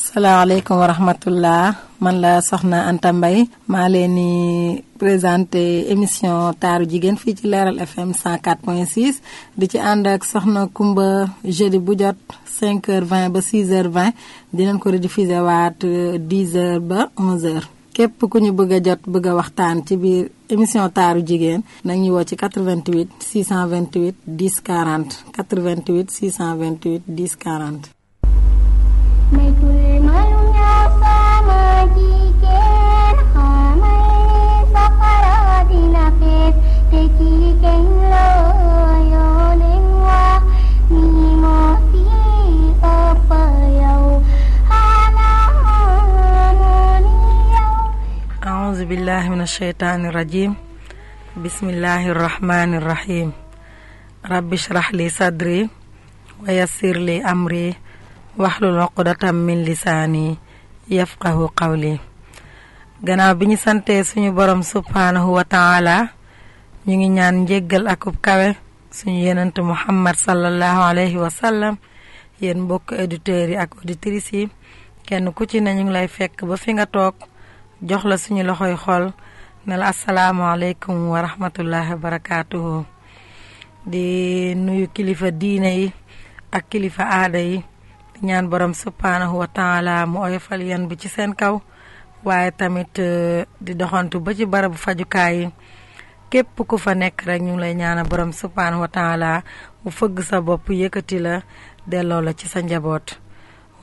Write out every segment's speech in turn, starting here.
salaamaaleykum wa rahmatullah man la soxna Anta ma maa leen di présenté émission taaru jigéen fii ci Leeral FM 104.6 di ci ànd ak soxna Kumba jeudi bu jot 5 h ba 6h20 dinañ ko rediffusé waat 10h euh, ba 11 képp ku ñu bëgg jot bëgg a waxtaan ci biir émission taaru jigéen nag ñu woo ci 88 628 10 40 88 628 10 40. 敵堅牢よ年は身持ち أعوذ بالله من الشيطان الرجيم بسم الله الرحمن الرحيم رب اشرح لي صدري ويسر لي أمري واحلل عقدة من لساني يفقه قولي gannaaw bi ñu santee suñu borom subhaanahu wa taala ñu ngi ñaan njéggal akub kawe suñu yenent muhammad sallallahu alayhi wa sallam yéen mbokk auditeurs yi ak auditrices yi kenn ku ci ne ñu ngi lay fekk ba fi nga toog jox la suñu loxoy xol ne la asalaamaaleykum wa rahmatullahi wa barakaatuhu di nuyu kilifa diine yi ak kilifa aada yi ñaan borom subhaanahu wa taala mu oyofal yan bi ci seen kaw waaye tamit di doxantu ba ci barabu fajukaay yi képp ku fa nekk rek ñu ngi lay ñaanal borom subhaanahu wa bu fëgg sa bopp yëkkati la delloo la ci sa njaboot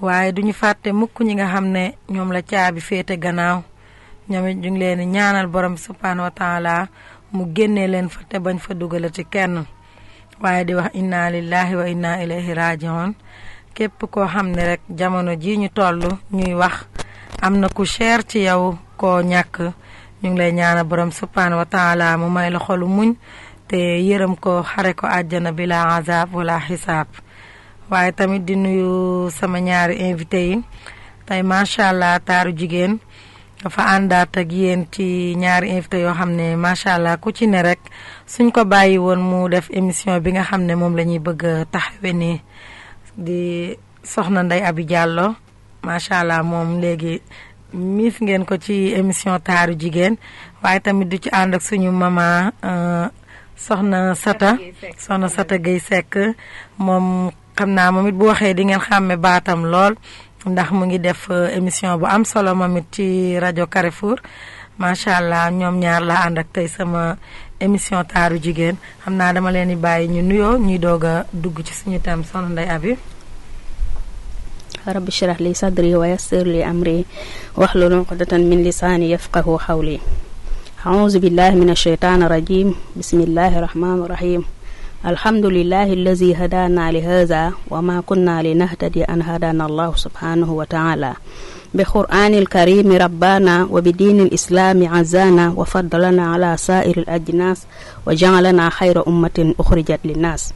waaye duñu fàtte mukk ñi nga xam ne ñoom la caabi féete gannaaw ñoom it ñu leen ñaanal borom subhaanahu wa mu génne leen fa te bañ fa dugalati kenn waaye di wax inna lillahi wa inna ilayhi rajiun képp koo xam ne rekk jamono ji ñu toll ñuy wax am na ku cher ci yow ko ñàkk ñu ngi lay ñaana borom subhaanahu wa taala mu may la xolu muñ te yërëm ko xare ko àjjana bi la azab wala xisaab waaye tamit di nuyu sama ñaari invité yi tey macha allah taaru jigéen dafa àndaat ak yéen ci ñaari invité yoo xam ne macha allah ku ci ne rek suñ ko bàyyi woon mu def émission bi nga xam ne moom la ñuy bëgg a taxawe di soxna ndey ab Diallo macha allah moom léegi miis ngeen ko ci émission taaru jigéen waaye tamit du ci ànd ak suñu mama euh, soxna Sata soxna Sata gay Seck moom xam naa moom it bu waxee di ngeen xàmme baatam lool ndax mu ngi def euh, émission bu am solo moom it ci rajo Carrefour macha allah ñoom ñaar la ànd ak tey sama émission taaru jigéen xam naa dama leen di bàyyi ñu nuyoo ñuy doog a dugg ci suñu tam soxna Ndeye Abi rabbi shrah li sadri wa yassir li amri waxlul uqdatan min lisaani yafqahu xawli auzu billahi min alsheytaan irajim bismillahi irahmaan irahim alhamdulilahi allazi hadaana li haza wa ma kunna li nahtadi an hadaana allahu subhanahu wa taala bi qur'aani alkarimi rabbana wa bi diini alislaami azana wa faddalana ala saairi alajnaas wa jacalana xayra ummatin uxrijat linnaas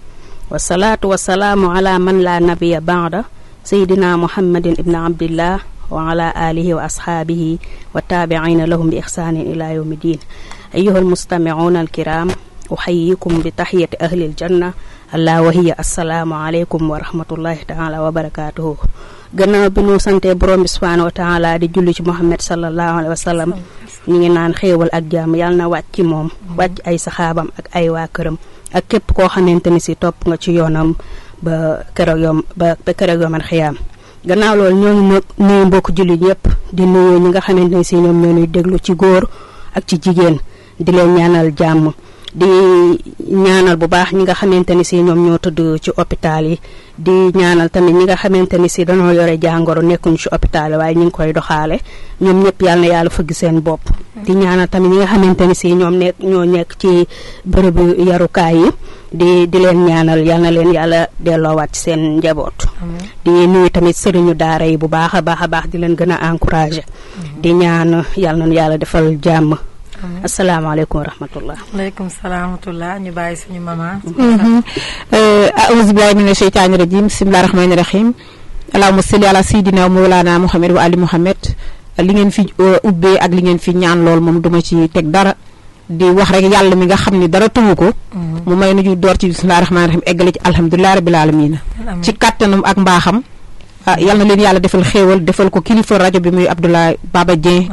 wasalaatu wasalaamu ala man la nabiya baada sayidina muhammadin ibni abdillah wa ala alihi wa ashaabihi wa taabiina lahum bi ixsaanin ila yawmi diin ayuha almustamicuuna alkiram uxayikum bi taxiyati ahli aljanna allah wahiya assalaamu aleykum wa taala wa gannaaw bi nu sante bi subhaanahu wa di julli ci muhammad sallallahu alayhi wa sallam ngi naan xéewal ak jàmm yàlla na wàcc moom wàcc ay saxaabam ak ay waa këram ak képp koo xamante ni si topp nga ci yoonam ba keroog yoom ba keroog yoomal xiyaam gannaaw loolu ñoo ngi nuyu mbokk jullit yëpp di nuyu ñi nga xamante ne si ñoom ñoo déglu ci góor ak ci jigéen di leen jàmm di ñaanal bu baax ñi nga xamante ni si ñoom ñoo tëdd ci hôpital yi di ñaanal tamit ñi nga xamante ni si dañoo yore jàngoro nekkuñu ci hôpital yi waaye ñu ngi koy doxaale ñoom ñëpp yàlla yàlla fëgg seen bopp. di ñaanal tamit ñi nga xamante ni si ñoom nekk ñoo nekk ci bërëbu yarukaay yi. di di leen ñaanal yal na leen yàlla delloowaat ci seen njaboot. di nuyu tamit sëriñu daara yi bu baax a baax a baax di leen gën a encouragé. di ñaan yal nañu yàlla defal jàmm. asalaamaaleykum wa rahmatullah. waaleykum salaam wa ñu bàyyi suñu maman. Mm-hmm. Uh, auzu billaahi mina sheytaani rajiim bismillaahi rahmaani rahiim. allahumma salli ala sayyidina mawlana wa ali Muhammad li ngeen fi uh, ubbee ak li ngeen fi ñaan lool moom duma ci teg dara. di wax rek yàlla mi nga xam ni dara tëwu ko. Mm-hmm. mu may nu ñu door ci bisimilah rahmaani rahiim eggale ci alhamdulilah rabil aalamiina. ci kattanam ak mbaaxam. ah yal na leen yàlla defal xéewal defal ko kilifa rajo bi muy Abdoulaye Baba Dieng.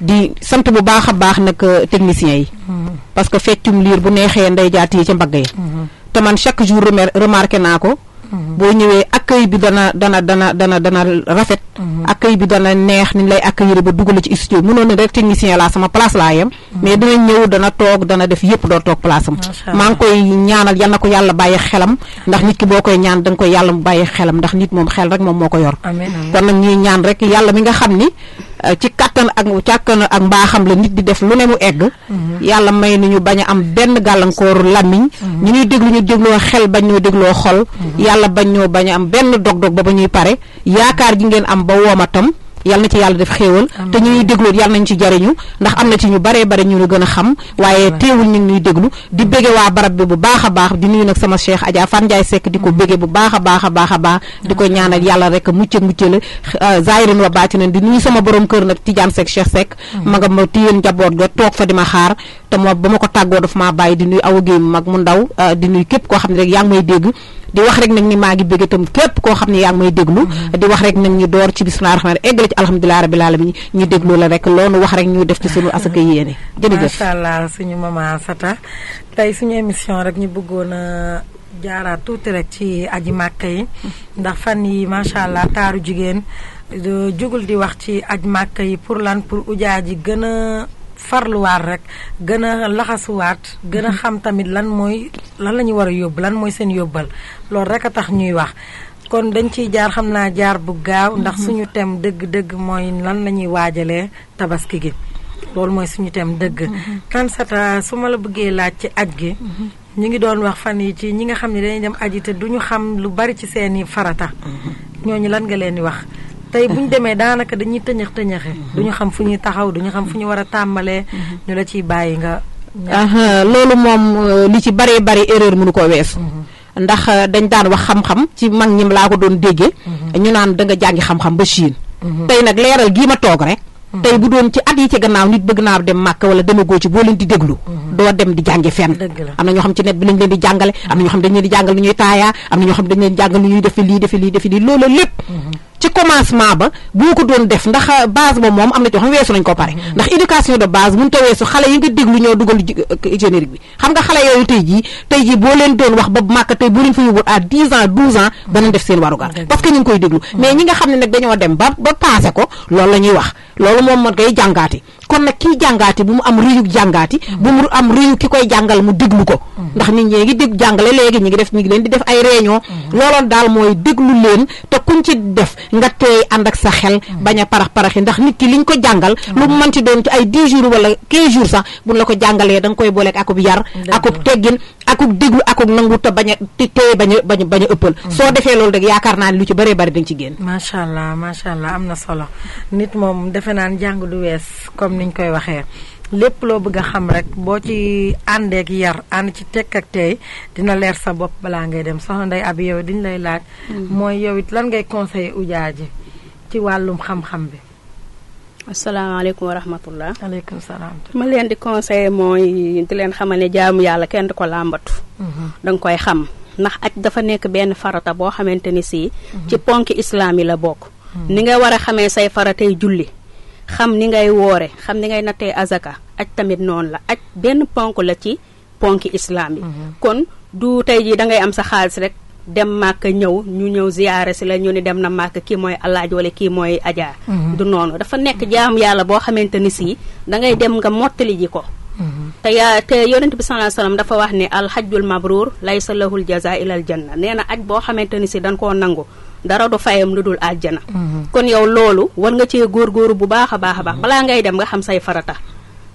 di sant bu baax a baax nag euh, techniciens yi. Mm-hmm. parce que feccum liir bu neexee nday jaat yi ca mbagg yi. Mm-hmm. te man chaque jour remarqué naa ko. boo ñëwee accueil bi dana dana dana dana dana rafet. Mhm. accueil bi dana neex ni ñu lay accueillir ba dugal ci studio mënoon na rek technicien laa sama place laa yem. Mhm. mais dina ñëw dana toog dana def yëpp doo toog place maa ngi koy ñaanal yal na ko yàlla bàyyi xelam. ndax nit ki boo koy ñaan da nga koy yàlla mu bàyyi xelam ndax nit moom xel rek moom moo ko yor. kon nag ñuy ñaan rek yàlla mi nga xam ni. Euh, ci kàttan ak càkkan ak mbaaxam la nit di def lu ne mu egg mhm. yàlla may nañu bañ a am benn gàllankoor làmmiñ mhm. ñu ñuy déglu ñu dégloo xel bañ ñoo dégloo xol mhm. yàlla bañ ñoo bañ a am benn dog-dog ba ba ñuy pare yaakaar ji ngeen am ba woomatam yal na ci yàlla def xéewal te ñuy déglu yal nañ ci jariñu ndax am na ci ñu bare bare ñu lu gën a xam waaye teewul ñu ngi ñuy déglu di bége waa barab bi bu baax a baax di nuy nag sama cheikh Adja Fan Ndiaye Seck di ko bége bu baax a baax a baax a baax di ko ñaanal yàlla rek mucc mucc la euh, zahirin wa baatinin di nuyu sama borom kër nag Tidiane Seck Cheikh Seck ma nga ma téyel njaboot ga toog fa di ma xaar te moo ba ma ko tàggoo daf maa bàyyi di nuyu awa mag mu ndaw euh, képp koo xam ne yaa ngi may dégg di wax rek ni maa ngi bége tam képp koo xam ne yaa ngi may déglu di wax rek nag ñu door ci bismillah rahmaan eggale ci alhamdulilah rabbil alamin ñu déglu la rek loonu wax rek ñu def ci sunu asaka yéene jërëjëf macha allah suñu maman Sata tey suñu émission rek ñu bëggoon a jaaraat tuuti rek ci aji màkk yi ndax fan yi macha allah taaru jigéen jugul di wax ci aj màkk yi pour lan pour ujaa ji gën a farluwaat rek gën a laxasuwaat gën a xam tamit lan mooy lan la ñu war a yóbbu lan mooy seen yóbbal loolu rek a tax ñuy wax kon dañ ciy jaar xam naa jaar bu gaaw ndax mhm. suñu thème dëgg-dëgg mooy lan la ñuy waajalee tabaski gi loolu mooy suñu thème dëgg. Mhm. Kansata su ma la bëggee laaj ci aj gi. Mhm. ñu ngi doon wax fan yi ci ñi nga xam ni dañuy dem aji te duñu xam lu bari ci seeni farata. ñooñu lan nga leen di wax. tey bu ñu demee daanaka dañuy tëñëx tëñëxe. duñu xam fu ñuy taxaw duñu xam fu ñu war a tàmbalee. ñu la ciy bàyyi nga. loolu moom euh, li ci baree bari erreur mënu ko weesu. ndax euh, dañ daan wax xam-xam ci mag ñim laa ko doon déggee. Mhm. ñu naan da nga jàngi xam-xam ba Chine. Mhm. tey nag leeral gii ma toog rek. Mhm. tey bu doon ci at yi ci gannaaw nit bëgg naa dem màkk wala demagoo ci boo leen di déglu. doo dem di jàngi fenn. am na ñoo xam ci net bi lañ leen di jàngale. am na ñoo xam dañ leen di jàngal lu ñuy taayaa am na ñoo xam dañ leen di lu ñuy defi lii defi lii defi lii loolu lépp. ci commencement ba boo ko doon def ndax euh, base ba moom am na ci xam weesu nañ ko pare mm-hmm. ndax éducation de base mënu ta weesu xale yi nga déglu ñoo dugal euh, euh, générique bi xam nga xale yooyu tey jii tey jii boo leen doon wax ba màkk tey boo leen fa yóbbul à 10 ans 12 ans danañ def seen warugar parce que ñu ngi koy déglu mais mm-hmm. ñi nga xam ne nag dañoo dem ba ba passé ko loolu la ñuy wax loolu moom man ngay jàngaati kon nag kiy jàngaati bu mu am rëyu jàngaati bu mu am rëyu ki koy jàngal mu déglu ko mm. ndax nit ñee ngi dégg jàngale léegi ñi ngi def ñi ngi leen di def ay réunion mm. looloon daal mooy déglu leen te kuñ ci def nga teey ànd ak sa xel mm. bañ a parax-paraxi ndax nit ki liñ ko jàngal lu mu ci doon ci ay 10 jours wala 15 jours sax bu la ko jàngalee danga nga koy booleeg akub yar akub teggin akub déglu akub nangu te bañ a téye bañ a bañ bañ ëppal soo defee loolu rek yaakaar naa ne lu ci bëree bëri dañ ci génn macha allah macha allah am na solo nit moom defe naan jàng du wees niñ koy waxee lépp loo bëgg a xam rek boo ci àndeek yar ànd ci tekk ak tey dina leer sa bopp balaa ngay dem soxna Ndeye Aby yow diñ lay laaj mm. mooy yow it lan ngay conseiller ujaa ji ci wàllum xam-xam bi asalaamaaleykum wa rahmatullah aleykum ma leen di conseiller mooy di leen xamal ne jaamu yàlla kenn di ko làmbatu mm-hmm. danga koy xam ndax ak dafa nekk benn farata boo xamante ni sii mm-hmm. ci ponki islaam yi la bokk mm-hmm. ni nga war a xamee say faratay julli xam ni ngay woore xam ni ngay nattee azaka aj tamit noonu la aj benn ponk la ci ponk islam yi mhm. kon du tey jii da am sa xaalis rek dem màkk ñëw ñu ñëw ziyaare si la ñu ni dem na màkk kii mooy alaaj wala kii mooy ajaa mhm. du noonu dafa nekk jaam yàlla boo xamante ni si da ngay dem nga mottali ji ko mhm. te yaa te yonent bi sallallahu alayhi wasallam dafa wax ne alxajjul mabruur laysa lahul jaza ilal janna nee na aj boo xamante ni si dañ koo nangu dara du fayam lu dul na mm-hmm. kon yow loolu war nga cee góor góorgóoru bu baax a baax a baax mm-hmm. balaa ngay dem nga xam say farata.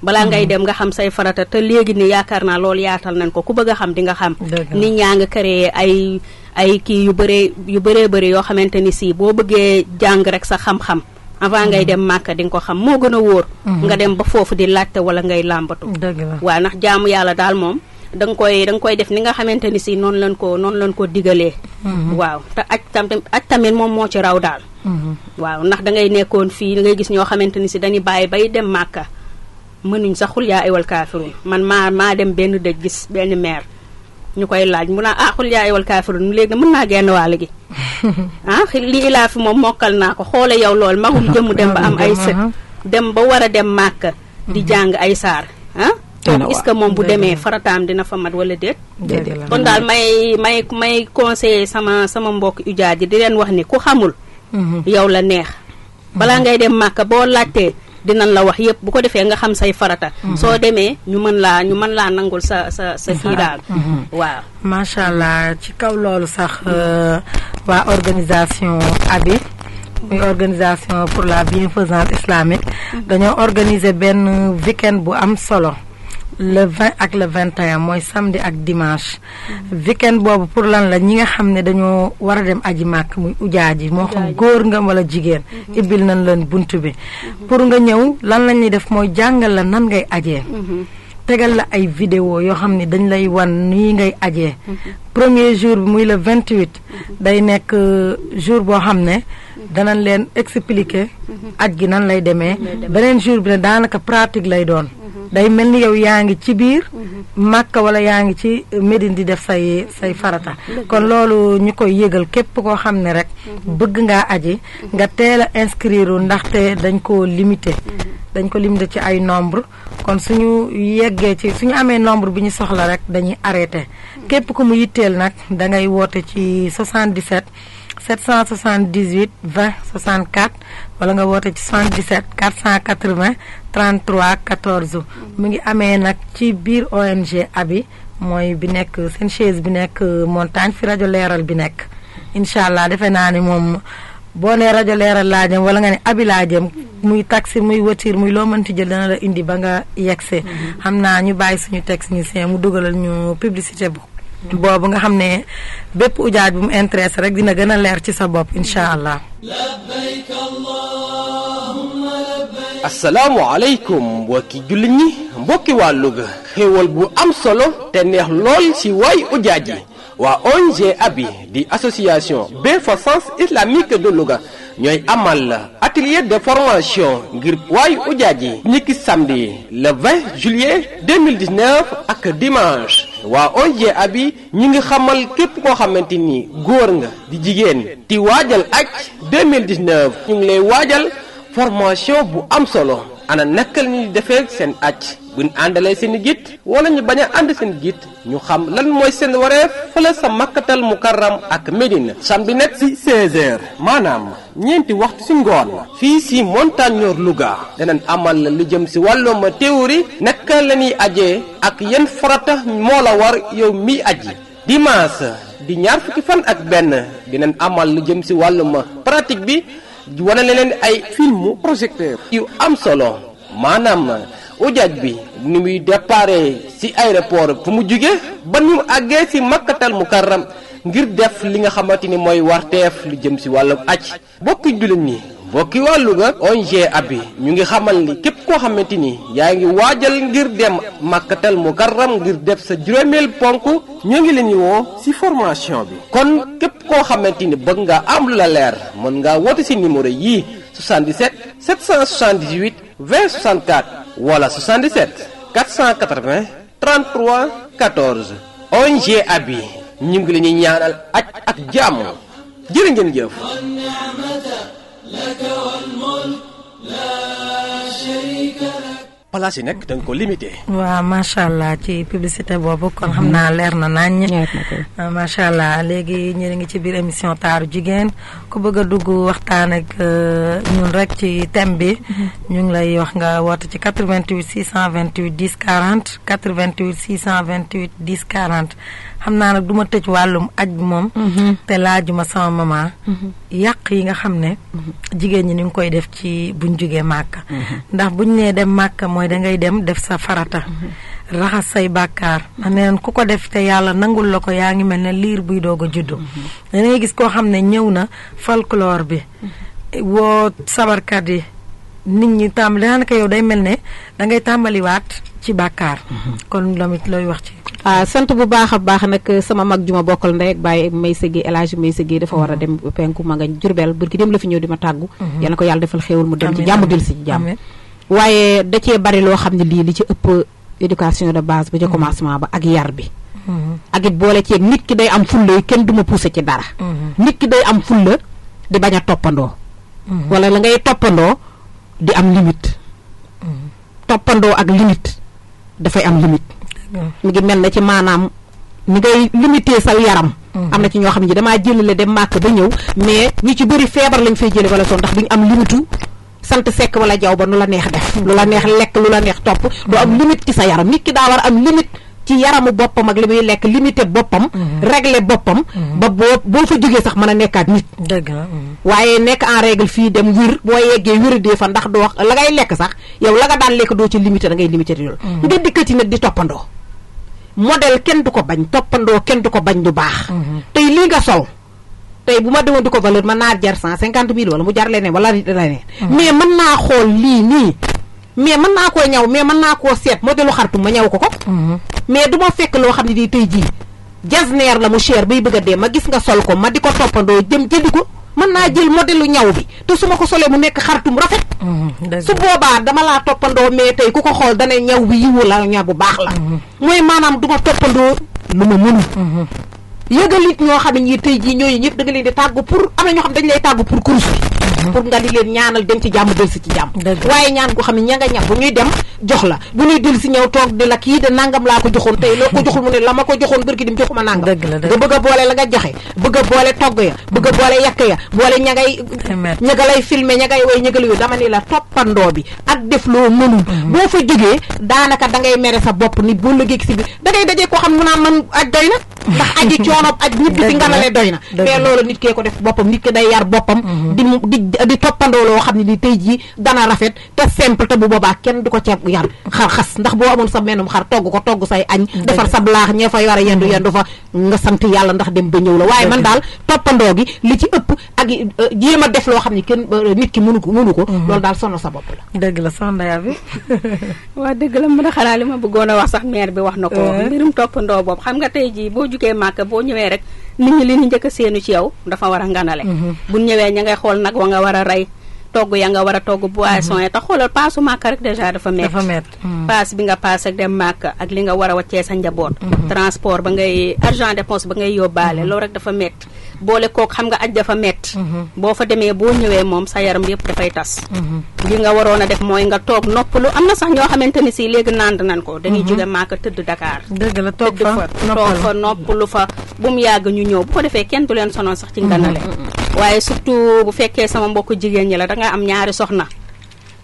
balaa ngay mm-hmm. dem nga xam say farata te léegi ni yaakaar naa loolu yaatal nañ ko ku bëgg a xam di nga xam. nit ñaa nga créé ay ay kii yu bëree yu bëree bëri yoo xamante ni si boo bëggee jàng rek sa xam-xam. avant ngay dem màkk dinga ko xam moo gën a wóor. nga dem ba foofu di laajte wala ngay làmbatu. dëgg la ndax jaamu yàlla daal moom. danga koy da nga koy def ni nga xamante ni si noonu lañ ko noonu lañ ko digalee. Mm-hmm. waaw te aj tam aj tamit moom moo ci raw daal. Mm-hmm. waaw ndax da ngay nekkoon fii da ngay gis ñoo xamante ni si dañuy bàyyi bay dem màkka mënuñ sax xul yaa aywal kaafirun man maa maa dem benn dëj gis benn meer. ñu koy laaj mu naa ah xul léegi mën naa génn waale gi ah lii ilaa fi moom mokkal naa ko xoole yow lool magum jëmm dem ba am ay sët uh-huh. dem ba war a dem màkka di mm-hmm. jàng ay saar ah. donc est-ce que moom bu demee farataam dina fa mat wala déet kon daal may may may conseiller sama sama mbokk ujaaj ji di leen wax ni ku xamul mhm. yow la neex balaa mhm. ngay dem màkka boo laajtee dinañ la wax yëpp bu ko defee nga xam say farata mhm. soo demee ñu mën laa ñu mën laa nangul sa sa sa kii waaw macha allah ci kaw loolu sax euh, waa organisation abi muy organisation pour la bienfaisance islamique dañoo organiser benn weekend bu am solo le 20 ak le vingt 21 mooy samdi ak dimanche. weekend boobu pour lan la ñi nga xam ne dañoo war a dem aji màkk muy ujaa ji moo xam góor nga wala jigéen. ibbil nañ leen bunt bi. pour nga ñëw lan lañuy def mooy jàngal la nan ngay aje tegal la ay vidéo yoo xam ne dañ lay wan nii ngay ajee. premier jour bi muy le 28. day nekk euh, jour boo xam ne. danañ leen expliquer. aj gi nan lay demee. beneen jour bi ne daanaka pratique lay doon. day mel ni yow yaa ngi ci biir màkka mhm. wala yaa ngi ci Médine di def say say mhm. farata kon loolu ñu ko yëgal képp koo xam ne rek mhm. bëgg nga aji nga teel a inscrire ndaxte dañ ko limité dañ ko limité ci ay nombre kon suñu yeggee ci suñu amee nombre bi ñu soxla rek dañuy arrêté képp ko mu yitteel nag da ngay woote ci 77 778 20 64 wala nga woote ci 77 480 33 14 mu ngi amee nag ci biir ONG abi mooy bi nekk seen chaise bi nekk euh, montagne fi rajo leeral bi nekk incha allah defe naa ni moom boo nee rajo leeral laa jëm wala nga ne abi laa jëm muy taxi muy voiture muy loo mënti jël dana la indi ba nga yegse mm-hmm. xam naa ñu bàyyi suñu technicien mu dugalal ñu publicité bu boobu nga xam ne bépp ujaaj bu mu intéressé rek dina gën a leer ci sa bopp incha allah. asalaamualeykum mbokki jullit ñi mbokki waa Louga xéewal bu am solo te neex lool ci waay ujaaj yi waa ONG ABI di association Beneficence islamique de Louga ñooy amal atelier de formation ngir waayu ujaaj yi ñi ki la le 20 juillet 2019 ak dimanche. waa ONG abi ñu ngi xamal képp koo xamante ni góor nga di jigéen di waajal aj 2019 ñu ngi lay waajal formation bu am solo ana nakal ni defee seen aj buñ àndalee seen git wala ñu bañ a ànd seen git ñu xam lan mooy seen wareef fële sa makkatal mukarram ak Médina sam bi nekk si 16h maanaam ñeenti waxtu si ngoon fii si Montagnor Louga danañ amal lu jëm si wàllum théorie naka la ñuy ajee ak yan farata moo la war yow miy aji dimanche di ñaar fukki fan ak benn dinañ amal lu jëm si wàllum pratique bi wane leen ay filmu projecteur yu am solo maanaam ujaaj bi ni muy déparé ci aéroport bu mu jugee ba ni mu àggee ci makkatal mukarram ngir def li nga xamante ni mooy warteef lu jëm ci wàllu aj bokki jullit ñi bokki wàllu ga ONG abi ñu ngi xamal ni képp koo xamante ni yaa ngi waajal ngir dem makkatal mukarram ngir def sa juróomeel ponk ñoo ngi leen woo ci formation bi kon képp koo xamante ni bëgg nga am lu la leer mën ngaa woote ci numéro yii 77 778 20 64 wala 77 480 33 14 ONG Abi ñu ngi leen di ñaanal aj ak jàmm jërë ngeen jëf. لك والملك لا place yi nekk da ko limité. waaw macha allah ci publicité boobu kon xam naa leer na nañ ah, macha allah léegi ñu ngi ci biir émission taaru jigéen ku bëgg a dugg waxtaan ak euh, ñun rek ci thème bi. ñu ngi lay wax nga woote ci 88 628 10 40 88 628 10 40. xam naa nag du ma tëj wàllum aj moom mhm. te laajuma sama maman mhm. yàq yi nga xam ne mhm. jigéen ñi ni ngi koy def ci buñ jógee màkka ndax buñ nee dem màkka mooy dangay dem def sa farata raxas say bàkkaar ndax neen ku ko def te yàlla nangul la ko yaa ngi mel ne liir buy doog a juddu da gis koo xam ne ñëw na folklore bi woo sabarkat yi nit ñi tàmbali daanaka yow day mel ne dangay tàmbaliwaat ci bàkkaar kon lomit looy wax ci ah, sant bu baax a baax nag uh, sama mag ju ma bokkal ndey ak bàyyi may sëggee El Hadj may sëggee dafa war a mm-hmm. dem penku ma nga Jurbel bur ki dem la fi ñëw di ma tàggu mm-hmm. yal ko yàlla defal xéewal mu dem ci jàmm dil si jàmm waaye da bari loo xam ne lii li ci ëpp éducation de base ba ca mm-hmm. commencement ba ak yar bi ak it boole ceeg nit ki day am fulla kenn du ma poussé ci dara nit ki day am fulla di bañ a toppandoo wala la ngay toppandoo di am limite toppandoo dafay am limite. mu ngi mel na ci maanaam ni ngay limité saw yaram. am na ci ñoo xam ne damaa jëlale dem màkk ba ñëw. mais ñu ci bëri feebar lañu fay jëlee wala son ndax duñ am limitu sant sekk wala jaww ba nu la neex def. lu la neex lekk lu la neex topp. doo am limite ci sa yaram nit ki daa war am limite. ci yaramu boppam ak li muy lekk limité boppam. Mhm. régler boppam. Mhm. ba boo boo fa jógee sax mën a nekkaat nit. dëgg mhm. waaye nekk en règle fii dem wir boo yeggee wiridee fa ndax doo la ngay lekk sax yow la nga daan lekk doo ci limité da ngay limité loolu. nga dikkati nag di toppandoo. modèle kenn du ko bañ toppandoo kenn du ko bañ du baax. tey lii nga sol. tey bu ma demoon di ko valeur mën naa jar cent cinquante mille wala mu jar leneen wala leneen. mais man naa xool lii nii. mais mën naa koo ñaw mais mën naa koo seet modelu xartu ma ñaw ko ko. Mhm. mais duma fekk loo xam ne di tey jii. jasneer la mu cher bay bëgg a dee ma gis nga sol ko ma di ko toppandoo jëm jëndi ko mën naa jël modelu ñaw bi te su ma ko solee mu nekk xartum rafet. Mhm. su boobaa dama laa toppandoo mais tey ku ko xool dana ñaw bi yiwu la ñaw bu baax la. Mhm. mooy maanaam du ma toppandoo lu ma mënul. yëgal ñoo xam ne ñii jii ñooñu ñëpp da leen di tàggu pour am na ñoo xam dañu lay tàggu pour course mhm. pour nga di leen ñaanal dem ci jàmm del ci jàmm waaye ñaan goo xam ne ñam bu ñuy dem jox la bu ñuy del si ñëw toog di la kii de nangam laa ko joxoon tey loo ko mhm. joxul mu ne la ma ko joxoon bërki dim joxuma nangam nga bëgg a boole la nga joxe bëgg a boole togg ya bëgg a boole yàq ya boole ña ngay ña nga lay filmer ña ngay way ñëgal dama ni la toppandoo bi ak def loo mënul mhm. boo da ngay noonu aj nit ki si nganale doy na mais loolu nit kee ko def boppam nit mhm. bu boobaa kenn du ko ceeb yar xar xas ndax boo amoon sa menum xar togg ko togg say añ defar sa blaax ñee fa yore yendu mhm. yendu fa nga sant yàlla ndax dem ba li ci ëpp ak euh, a def loo xam ne kenn euh, nit ki mënu ko mënu ko mhm. loolu daal sonn sa bopp la dëgg la soxna yaa bi waaw dëgg la mën a xanaa li ma bëggoon a wax sax maire bi wax na ko euh. mbirum toppandoo boobu xam nga tey jii boo jugee màkk boo boo ñëwee rek nit ñi li ñu njëkk a séenu ci yow dafa war a nganale. Mm-hmm. bu ñëwee ña ngay xool nag wa nga war a rey. togg ya nga war a togg boisson ya mhm. te xoolal paasu màkk rek déjà dafa métti mhm. paas bi nga paas ak dem màkk ak li nga war a waccee sa njaboot mhm. transport ba ngay argent dépense ba ngay yóbbaale loolu rek dafa métti boole kook xam nga aj dafa métti boo fa demee boo ñëwee moom sa yaram yëpp dafay tas li nga waroon a def mooy nga toog noppalu am na sax ñoo xamante ni si léegi nand nañ ko dañuy jóge màkk tëdd Dakar dëgg la toog fa toog fa noppalu fa bu mu yàgg ñu ñëw bu ko defee kenn du leen sonoon sax ci nganale waaye surtout bu fekkee nga am ñaari soxna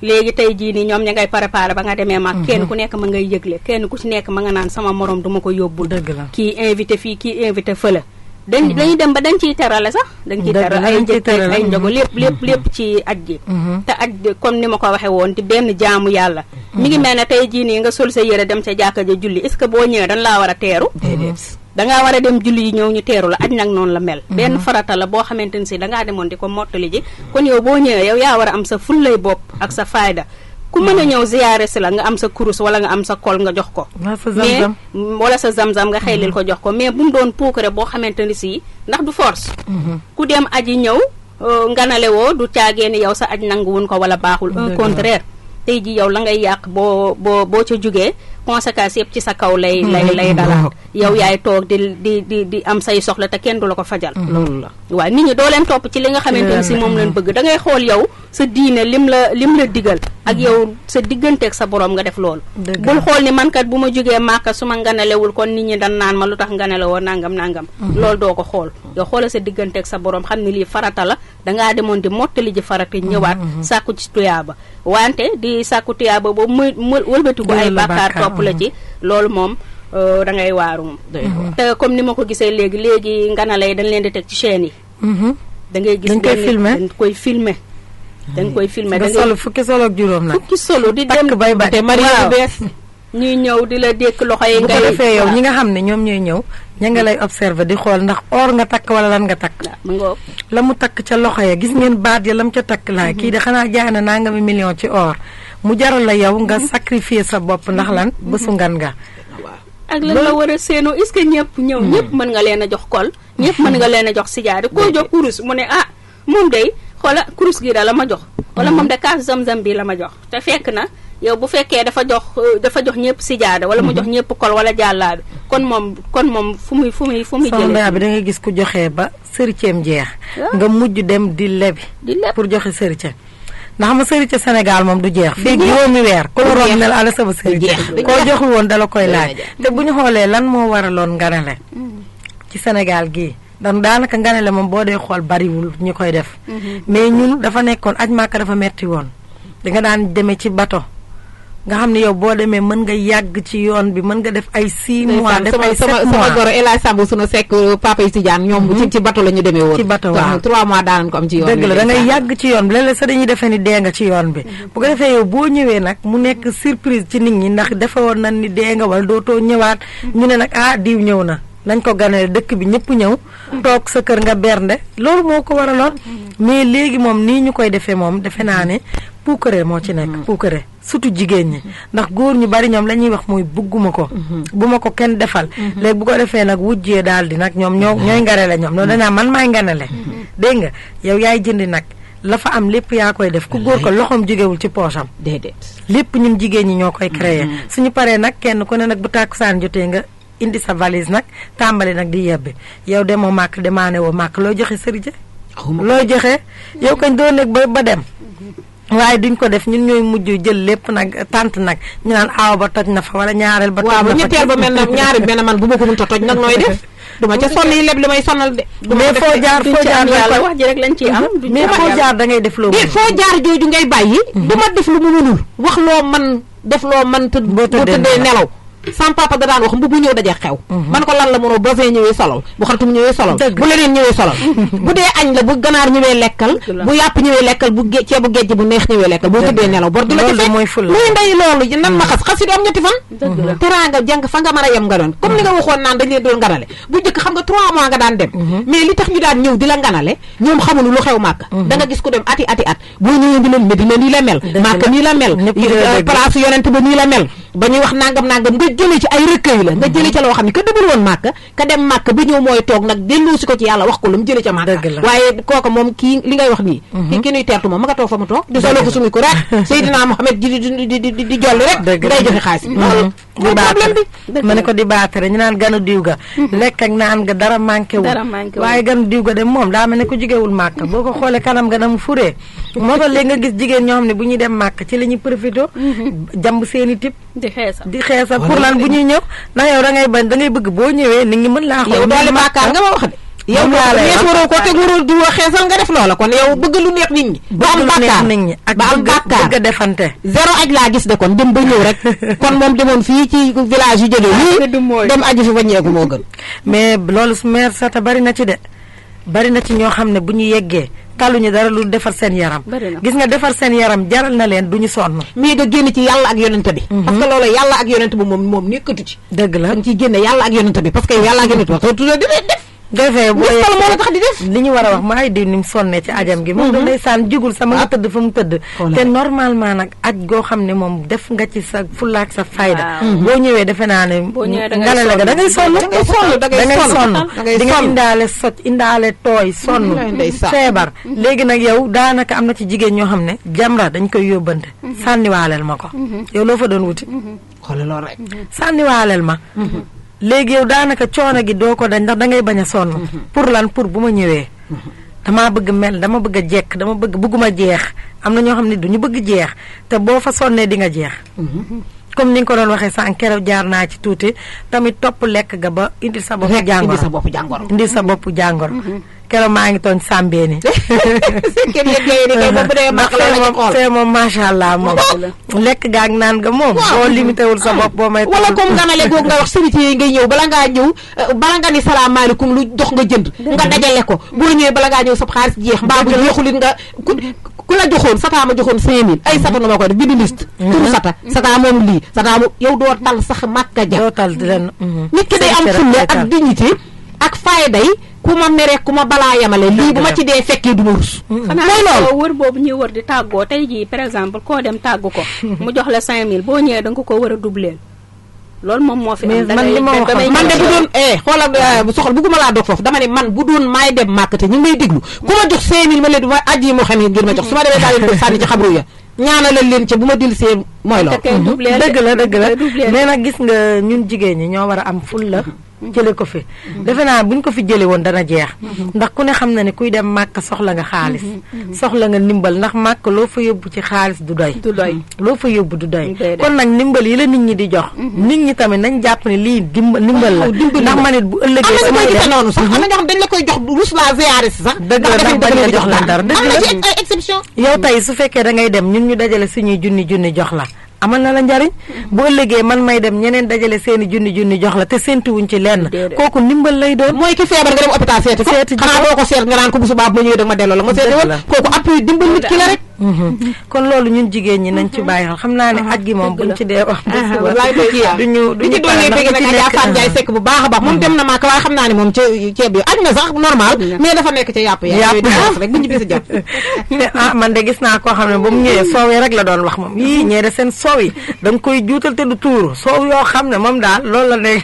léegi tey jii nii ñoom ña ngay préparé ba nga demee mag kenn mhm. ku nekk ma ngay yëgle kenn ku ci nekk ma nga naan sama morom duma ko yóbbul dëgg la kii invité fii kii invité fële dañ mhm. dañuy dem ba dañ ciy terale sax dañ ciy teral ay njëkk ay njogo lépp lépp mhm. lépp ci aj gi te aj comme ni ma ko waxee woon di benn jaamu yàlla mi ngi mel ne jii nii nga sol sa yére dem ca jàkka ja julli est ce que boo ñëwee dañ laa war a teeru dangaa war a dem julli yi ñëw ñu teeru la aj nag noonu la mel mhm. benn farata la boo xamante ni si dangaa demoon di ko mottali ji kon yow boo ñëwee yow yaa war a am sa fullay bopp ak sa fayda ku mhm. mën a ñëw ziyaare si la nga am sa kurus wala nga am sa kol nga jox ko mais wala sa zam-zam nga xëylil mhm. ko jox ko mais bu mu doon puukare boo xamante ni si ndax du force ku dem aji ñëw euh, nganale woo du caagee ni yow sa aj nanguwun ko wala baaxul un contraire tey ji yow la ngay yàq boo boo boo ca jógee conséquences yëpp ci sa kaw lay mm-hmm. lay lay dalaat yow yaay toog di di di di am say soxla te kenn du la ko fajal mm-hmm. loolu la waaw nit ñi doo leen topp ci li nga xamante ni si moom leen bëgg da ngay xool yow sa diine lim la lim la digal ak mm-hmm. yow sa digganteeg sa boroom nga def lool bul xool ni mankat bu ma jógee màkka su ma nganalewul kon nit ñi dan naan ma lu tax nganalewoo nangam nangam lool doo ko xool yow xoola sa digganteeg sa borom xam ne lii farata la dangaa demoon di mottali ji farata ñëwaat sàkku ci tuyaaba wante di sàkku tuyaaba boobu muy wëlbatiku ay bàkkaar topp la ci loolu moom euh, da ngay waaru moom te comme ni ma ko gisee léegi léegi ngana lay dañ leen di teg ci chaîne yi mm-hmm. da ngay gis dañ koy filmer dañ koy filmer mm-hmm. da solo fukki solo ak juróom nag fukki solo di dem bay ba te mari bu di la dékk loxo yi ngay ñi xam ne ñoom ñooy ñëw ña nga lay observer di xool ndax or nga takk wala lan nga takk la mu takk ca loxo ya gis ngeen baat ya la mu ca takk laa mm-hmm. kii de xanaa jaay na nangami million ci or mu jaral la yow nga sacrifier sa bopp ndax lan bésu ngan nga ak la war a séenoo est-ce que ñëpp ñëw ñëpp hmm. mën nga leen a jox kol ñëpp mën nga leen a jox sijaari koo jox kurus mu ne ah moom day xoola kurus gi da la ma jox wala hmm. moom de kaas zam-zam bi la ma jox te fekk na yow bu fekkee dafa jox dafa jox ñëpp si jaada wala mu hmm. jox ñëpp kol wala jàllaabi kon moom kon moom fu muy fu muy fu muy jëlee bi da nga gis ku joxee ba sëricëm jeex ah. nga mujj dem di lebi pour joxe sëricëm ndax ma sëri ca Sénégal moom du jeex fii juróomi weer ku la roon nel ala saba sëri koo joxul woon dala koy laaj te bu ñu xoolee lan moo waraloon nganale ci Sénégal gii donc daanaka nganale moom boo dee xool bariwul ñu koy def mm-hmm. mais ñun dafa nekkoon aj Màkka dafa metti woon da nga daan demee ci bato nga xam ne yow boo demee mën nga yàgg ci yoon bi mën nga def ay 6 mois def ay 7 mois sama goro El Hadj Samb sunu sekk euh, papa yi si jaan ñoom ci mhm. ci bato la ñu demee woon ci bato waaw 3 mois daanañ ko am ci yoon dëgg la da ngay yàgg ci yoon bi léeg-léeg sax dañuy defee ni dee nga ci yoon bi mhm. bu ko defee yow boo ñëwee nag mu nekk surprise ci nit ñi ndax defe woon nañ ni dee nga wala dootoo ñëwaat mhm. ñu ne nag ah diw ñëw na nañ ko ganale dëkk bi ñëpp ñëw toog sa kër nga bernde loolu moo ko waraloon mais léegi moom nii ñu koy defee moom defe naa ne puukare moo ci nekk mm-hmm. puukare surtout jigéen ñi mm-hmm. ndax góor ñu bari ñoom la ñuy wax muy bugguma ko mm-hmm. bu ma ko kenn defal léegi bu ko defee nag wujjee daal di nag ñoom ñoo ñooy nganale ñoom loolu danaa man maay nganale dégg nga yow yaay jëndi nag la fa am lépp yaa koy def ku góor ko loxoom jógewul ci poosam déedéet lépp ñun jigéen ñi ñoo koy créer suñu paree nag kenn ku ne nag bu tàkkusaan jotee nga indi sa valise nag tàmbali nag di yebbi yow demoo màkk demaane woo màkk loo joxe sëriñ looy joxe yow kañ doo nekk ba ba dem waaye duñ ko def ñun ñooy mujj jël lépp nag tànt nag ñu naan aaw ba toj na fa wala ñaareel ba toj na fa waaw ñetteel ba mel na ñaareel benn man bu ma ko mënta toj nag nooy def duma ca sonn yi lépp li may sonal de mais foo jaar foo jaar yàlla wax ji rek lañ ciy am mais foo jaar da ngay def loo mënul foo jaar jooju ngay bàyyi mhm. du ma def lu mu mënul wax loo man def loo man tëdd boo tëddee nelaw sam papa da daan wax mbu bu ñëw daje xew mhm. man ko lan la mënoo basin ñëwee solol bu xartum ñëwee solol bu leneen ñëwee solol bu dee añ la bu ganaar ñëwee lekkal bu yàpp ñëwee lekkal bu ceebu géej bu neex ñëwee lekkal boo tëddee nelaw bor du la ci fekk luy ndey loolu nan ma mm. xas xas yi am ñetti fan mm-hmm. teraanga jàng fa nga mën a yem nga doon comme ni nga mm-hmm. waxoon naan dañ leen doon nganale bu njëkk xam nga trois mois nga daan dem mm-hmm. mais li tax ñu daan ñëw di la nganale ñoom xamuñu lu nga gis ku dem ati at boo ñëwee di leen la mel ba ñuy wax nangam nangam nga jëlee ci ay recueil la nga mhm. jëlee ca loo xam ne ka demul woon màkk ka dem màkk ba ñëw mooy toog nag delloo si ko ci yàlla wax ko lu mu jëlee ca màkk waaye kooka moom kii li ngay wax nii mhm. ki ki nuy teertu moom ma nga toog fa mu toog di solo ko suñu rek Seydina Mohamed di di di di joll rek ngay joxe xaalis mhm. mooy problème bi ma ne ko di baatare ñu naan gana diw ga. lekk ak naan ga dara manqué wul. dara manqué waaye ganu diw ga de moom daa mel ne ku jugewul màkk boo ko xoolee kanam nga na mu furee. moo nga gis jigéen ñoo xam ne bu ñuy dem màkk ci la ñuy profité. Mm-hmm. jàmb seen i tip. di xeesa di xeesa pour lan bu ñuy ñëw. na yow da ngay bañ da ngay bëgg boo ñëwee nit ñi mën laa. xool yow doole màkkaar nga ma wax de. yow laa lay wax waroo ko teg waroo di wax xeesal nga def loola kon yow bëgg lu neex nit ñi. ba am bàkkaar nit bëgg a defante. zéro aj laa gis de kon dem ba ñëw rek kon moom demoon fii ci village yu jëlee lii ah, dem aji fi wàññeeku moo gën. mais loolu mère Sata bari na ci de bari na ci ñoo xam ne bu ñu yeggee. ñu dara lu defar seen yaram gis nga defar seen yaram jaral na leen du ñu sonn mais nga génn ci yàlla ak yonent bi mhm. parce que yàlla ak yonent bi moom moom nekkatu ci dëgg la nga ciy génne yàlla ak yonent bi parce que yàlla ak yonent defee boo yee moo tax di def li ñu war a wax maa ngi di ni mu sonne ci ajam gi. Mm-hmm. moom da ndeysaan jigul sama nga ah. tëdd fa mu tëdd. te normalement nag aj goo xam ne moom def nga ci sa fulaak sa fayda. Mm-hmm. boo ñëwee defe naa ne. boo ñëwee da ngay sonn da ngay sonn da ngay sonn di nga indaale sot indaale tooy mm-hmm. sonn. feebar léegi nag yow daanaka am na ci jigéen ñoo xam ne. jamra dañ koy yóbbante. sànniwaaleel ma ko. yow loo fa doon wuti. xoolal loolu rek. sànniwaaleel ma. léegi yow daanaka coono gi doo ko dañ ndax dangay bañ a sonn. pour lan pour bu ma ñëwee. damaa bëgg mel dama bëgg a jekk dama bëgg bëgguma jeex am na ñoo xam ne du ñu bëgg jeex te boo fa sonnee di nga jeex. comme ni nga ko doon waxee sànq keroog jaar naa ci tuuti tamit topp lekk ga ba indi sa bopp jàngoro indil sa bopp jàngoro indil sa bopp jàngoro keroog maa ngi tooñ sàmbeeni see moom macha allah moom lekk ga naan ga moom boo limité wul sa bopp boo may wala nga nale googu ñëw bala ngaa ñëw euh, bala nga ni salaamaaleykum lu dox nga jënd nga ko boo ñëwee bala ngaa ñëw sa xaalis jeex mbaa bu jeexul it nga ku la joxoon sataa ma joxoon 5000. ay sata na ma koy def bind liste. Mm-hmm. turu sata mm-hmm. sata lii sata yow doo tal sax màkka ja. doo tal ren. Mm-hmm. nit ki day am fulla ak dignité ak fayday ku ma mere ku ma balaa yamale lii bu ma ci dee fekkee du ma rus. mooy loolu wër boobu ñuy wër di tàggoo tey jii par exemple koo dem tàggu ko. mu jox la 5000 boo ñëwee da nga ko war a doubleel. loolu moom moo fi am man li ma wax man de bu doon eh, xoolal eh, bu soxal bëgguma laa dog foofu dama ne man bu doon maay dem màkk te ñu ngi may déglu ku ma jox 5000 ma leen di ma aji moo xam ngir ma jox su ma demee daal leen ko sànni ci xabru ya ñaanalal leen ca bu ma dil see mooy loolu mhm. dëgg la dëgg la mais nag gis nga ñun jigéen ñi ñoo war a am ful la jële ko fi defe naa bu ñu ko fi jële woon dana jeex ndax ku ne xam na ne kuy dem màkk soxla nga xaalis soxla nga ndimbal ndax màkk loo fa yóbbu ci xaalis du doy du doy loo fa yóbbu du doy kon nag ndimbal yi la nit ñi di jox mhm. nit ñi tamit nañ jàpp ne lii dimba ndimbal la oh, ndax man it bu ëllëgee am na ñu koy sax mhm. am na ñoo xam dañ la koy jox rus laa ziyaare si sax dëgg la ndax bañ la jox la dara dëgg la am na ci exception yow tey su fekkee da ngay dem ñun ñu dajale suñuy junni junni jox la amal na la njariñ mm-hmm. boo ëllëgee man may dem ñeneen dajale seeni junni junni jox la te séentuwuñ ci lenn kooku ndimbal lay doon mooy ki feebar nga dem hôpital seeti ko xanaa doo ko seet nga naan ko bu subaa ma ñëwee dag delloo la nga seeti woon kooku appui dimbal nit ki la rek Mm-hmm. kon loolu ñun jigéen ñi nañ ci bàyyi xel xam naa ne mm-hmm. aj gi moom buñ ci dee wax mm-hmm. duñu duñu doonee bëgg nag Adja bu baax a baax moom dem na maaka waaye xam naa ne moom ci ceeb yi aj na sax normal mais dafa nekk ca yàpp yàpp rek bu ñu bis a jàpp ah man de gis naa koo xam ne ba mu ñëwee soow rek la doon wax moom yii ñee de seen soow yi da koy juutal te du tuuru soow yoo xam ne moom daal lool la ne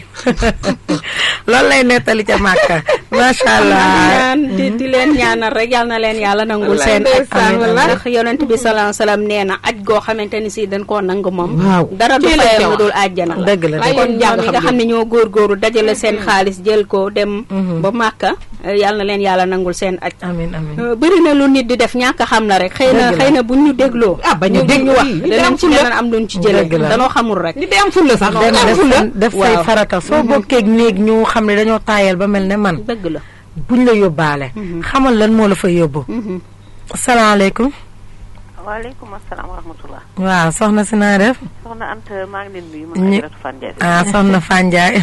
loolu lay nettali ca màkka macha allah di leen ñaanal rek yàlla na leen yàlla nangul seen yonent bi sallallahu alayhi nee na aj goo xamante ni si dañ koo nangu moom dara du fayal lu dul àjjana dëgg la kon jàmm yi nga xam ne ñoo góor góorgóorlu dajale mm-hmm. seen xaalis jël ko dem mm-hmm. ba màkka yàlla na leen yàlla nangul seen aj amiin amiin euh, bëri na lu nit di def ñàkk xam la rek xëy na xëy na ñu dégloo ah bañu dégg ñu wax danañ ci danañ am luñ ci jëlee danoo xamul rek nit am fulla la def say farata soo mm-hmm. bokkeeg néeg ñu xam ne dañoo taayal ba mel ne man dëgg la bu buñ la yóbbaale xamal lan moo la fa yóbbu salaamaaleykum waaleykum asalaam wa rahmatulah. waaw soxna si naa def. soxna Anta maa ngi leen nuyu. ñu ngi ah soxna Fane Ndiaye.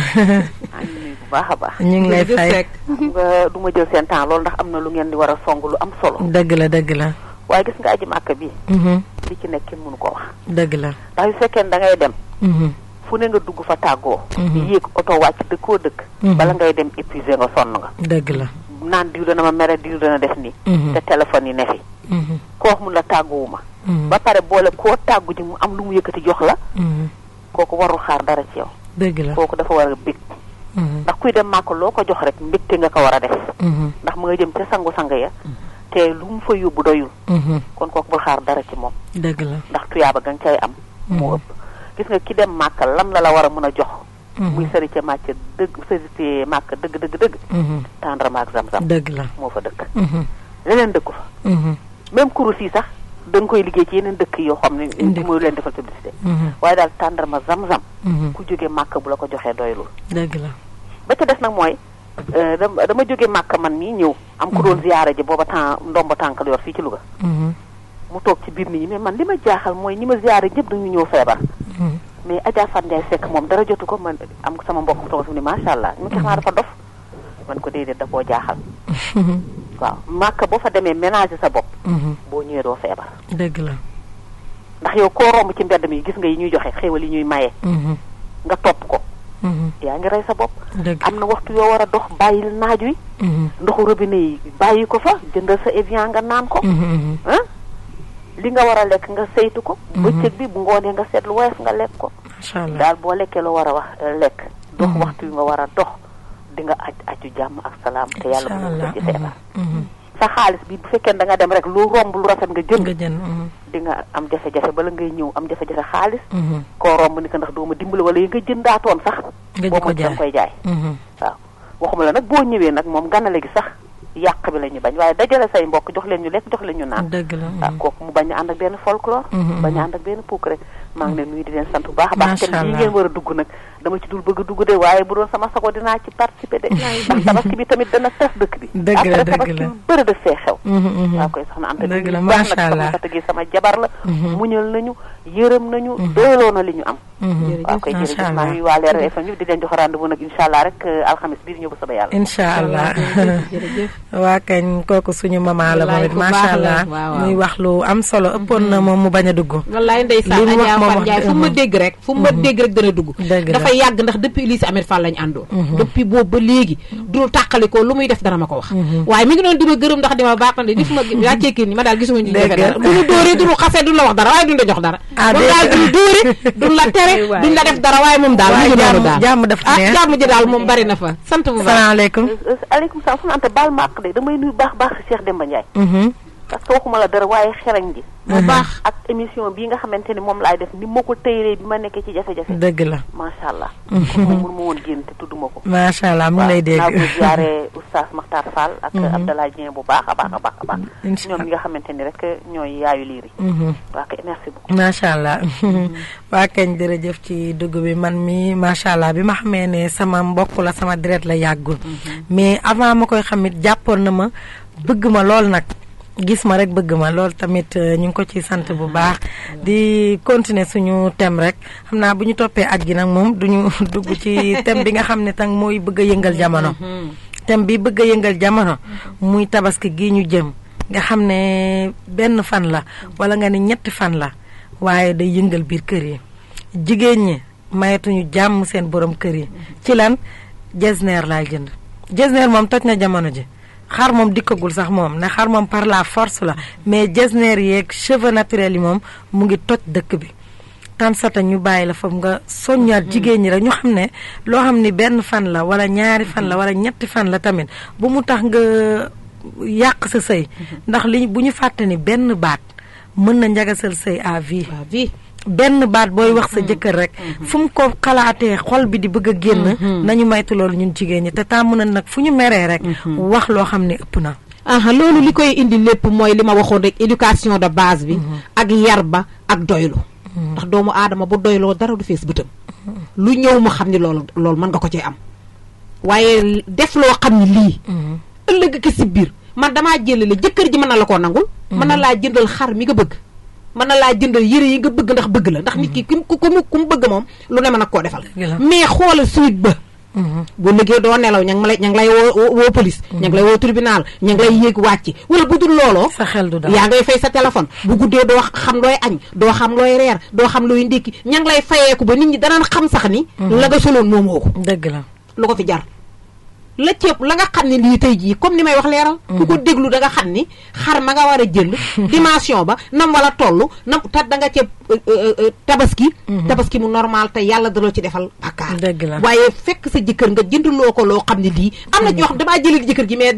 a baax. ñu ngi lay fay nga du ma jël seen temps loolu ndax am na lu ngeen di war a song lu am solo. dëgg la dëgg la. waaye gis nga aji màkk bi. Mm-hmm. li ci nekk kenn mënu ko wax. dëgg la ndax yu fekkee da ngay dem. Mm-hmm. fu ne nga dugg fa tàggoo. Mm-hmm. yéeg oto wàcc dëkkoo dëkk. bala ngay dem épuisé nga sonn nga. dëgg la. naan diw dana ma mere diw dana def nii. Mhm. te téléphone yi ne fi. Mhm. koo wax mun la tàgguwuma. Mhm. ba pare boole koo tàggu ji mu am lu mu yëkkati jox la. kooku warul xaar dara ci yow. dëgg la kooku dafa war a bég. ndax kuy dem màkk loo ko jox rek mbégte nga ko war a def. ndax mu nga jëm ca sangu-sang ya. te lu mu fa yóbbu doyul. kon kooku bul xaar dara ci moom. dëgg la ndax tuyaaba ga am. moo ëpp gis nga ki dem màkk lam la la war a mun a jox. buy mm-hmm. sori ca màcc dëgg sori ci màkk dëgg dëgg dëgg mm-hmm. tàndarma ak zam-zam dëgg la moo fa dëkk mm-hmm. leneen dëkku fa même kurus yi sax da nga koy liggéey ci yeneen dëkk yoo xam ne di muy leen defal publicité waaye daal tàndarma zam-zam ku jóge màkk bu la ko joxee doylul dëgg la ba ca des nag mooy euh, dama jóge màkk man mii ñëw am ku doon ziyaare ji booba temps ndomba tànkal yor fii ci Louga mu toog ci biir nit ñi mais man li ma jaaxal mooy ñi ma ziyaare ñëpp dañu ñëw feebar mais Adja Fandiaye Seck moom dara jotu ko man am sama mbokk toog su ni macha allah ñu xam naa dafa dof man ko déedéet da koo jaaxal. waaw màkk boo fa demee ménager sa bopp. Mhm. boo ñëwee doo feebar. dëgg la. ndax yow koo romb ci mbedd mi gis nga yi ñuy joxe xéewal yi ñuy maye. Mhm. nga topp ko. Mhm. yaa ngi rey sa bopp. am na waxtu yoo war a dox bàyyil naaj wi. ndoxu robinet yi bàyyi ko fa jëndal sa Evian nga naan ko. li nga war a lekk nga saytu ko. Mhm. bëccëg bi bu ngoonee nga seetlu woyof nga lekk ko. macha daal boo lekkee loo war a wax euh, lekk. Mhm. dox waxtu wi nga war a dox di nga aj ak salaam. te yàlla bu ko ci feebar. Mhm. bi bu fekkee da nga dem rek lu romb lu rafet nga jënd. nga jënd di am jafe-jafe bala ngay ñëw am jafe-jafe xaalis. koo romb ni ko ndax doo ma dimbali wala yi nga jën jëndaatoon sax. nga di ko jaay boo koy jaay. waaw waxuma la nag boo ñëwee nag moom ganale gi sax. yàq bi la ñu bañ waaye dajale say mbokk jox leen ñu lekk jox leen ñu naan. dëgg la waaw ah, kooku mu bañ a ànd ak benn folklore. Mm-hmm. bañ a ànd ak benn puuk rek. maa ngi leen nuyu di leen sant bu baax a baax te li ngeen war a dugg nag dama a dugg de waaye bu doon sama sago de ndax tabaski bi tamit dana tas dëkk bi la dëgg la bëri def mm-hmm, mm-hmm. la macha allah sama gi sama jabar la mm-hmm. muñal nañu li ñu am waaw koy jërëjëf maa ngi waa Leer FM yëpp di leen jox rendez-vous nag incha allah rek euh, alxamis bii di ñëw ba soobee yàlla incha allah waa kañ kooku suñu maman la moom allah muy wax lu am solo ëppoon na moom mu bañ a dugg Pape Ndiaye fu ma dégg rek fu ma mm-hmm. dégg rek dana dugg dafay yàgg ndax depuis Elisa Ahmed Fall lañ àndoon mm-hmm. depuis boobu ba léegi dul tàqalikoo lu muy def dana ma ko wax mm-hmm. waaye mi ngi doon di ma gërëm ndax di ma baaxandi dif ma wàccee kii ni ma daal gisuma bu ñu dóoree duñu xasee duñu la wax dara waaye duñu la jox dara ah, moom daal duñu dóori duñu la tere duñu la def dara waaye moom daal mu ngi noonu daal jàmm daf ah, neex jàmm ji daal moom bari na fa sant bu baax salaamaaleykum aleykum salaam Soxna Anta baal ma àq de damay nuyu baax baax bu mhm. baax ak émission bii nga xamante ni moom laay def ni ma ko tëyree bi ma nekkee ci jafe dëgg la macha allah. Mhm. ko. macha allah mu ngi lay dégg waaw naa ko ziare oustaz Makhtar Fall. Mhm. bu baax a baax a baax a baax. xamante ni rek ñooy yaayu waa kay merci beaucoup. macha allah waa kañ jërëjëf ci dugg bi man mi macha allah bi ma xamee ne sama mbokk la sama deret la yàggul. mais avant ma koy xamit jàppoon na ma bëgg ma lool nag. gis ma rek bëgg ma loolu tamit euh, ñu ngi ko ci sant bu baax di continuer suñu thème rek xam naa bu ñu toppee aj gi nag moom duñu dugg ci thème bi nga xam ne tang mooy bëgg a yëngal jamono mm-hmm. thème bëgg yëngal jamono muy tabaski gi ñu jëm nga xam ne benn fan la wala nga ne ñetti fan la waaye day yëngal biir kër yi jigéen ñi mayetuñu jàmm seen borom kër yi ci lan jesneer laay jënd jesneer moom toj na jamono ji xar moom dikkagul sax moom ne xar moom par la force la mais jesner yeeg cheveux naturels yi moom mu ngi toj dëkk bi tansata ñu bàyyi la foofu nga soññaat jigéen ñi rek ñu xam ne loo xam ni benn fan la wala ñaari fan la wala ñetti fan la tamit bu mu tax nga yàq sa sëy mhm. ndax li bu ñu fàtte ni benn baat mën na njagasal sëy à vie benn baat booy wax sa mm-hmm. jëkkër rek mm-hmm. fu mu ko xalaatee xol bi di bëgg a génn mm-hmm. nañu maytu loolu ñun jigéen ñi te tàmm na nag fu ñu meree rek wax loo xam ne ëpp na aha loolu li koy indi lépp mooy li ma waxoon rek éducation de base bi ak yar ba ak doylu ndax doomu aadama bu doyloo dara du fees bëtam lu ñëw mu xam ni loolu loolu mën nga ko cee am waaye def loo xam ni lii ëllëg ki si biir man damaa jëlale jëkkër ji mën na la ko nangul mën na laa jëndal xar mi nga bëgg mën na laa jëndal yëre yi nga bëgg ndax bëgg la ndax nit ki ku mu ku mu bëgg moom lu ne mën a koo defal mais xoolal suite ba mm-hmm. bu liggéey doo nelaw ña ngi lay ña ngi lay woo woo police mm-hmm. ña lay woo tribunal ña ngi lay yéeg wàcc wala bu dul looloo sa xel du dal yaa ngay fay sa téléphone bu guddee doo xam looy añ doo xam looy reer doo xam looy ndékki ña ngi lay fayeeku ba nit ñi danaan xam sax ni mm-hmm. la nga soloon moomoo ko dëgg la lu ko fi jar la ceeb la nga xam ne lii tey jii comme ni may wax leeral mhm. ku ko déglu da nga xam ni xar ma nga war a jënd dimension ba nam wala toll nam ta da nga ceeb euh, euh, euh, tabaski mhm. tabaski mu normal te yàlla daloo ci defal bakkaar waaye fekk sa jëkkër nga jënd loo ko loo xam ne lii am na ñoo xam mhm. damaa jëlil jëkkër gi mais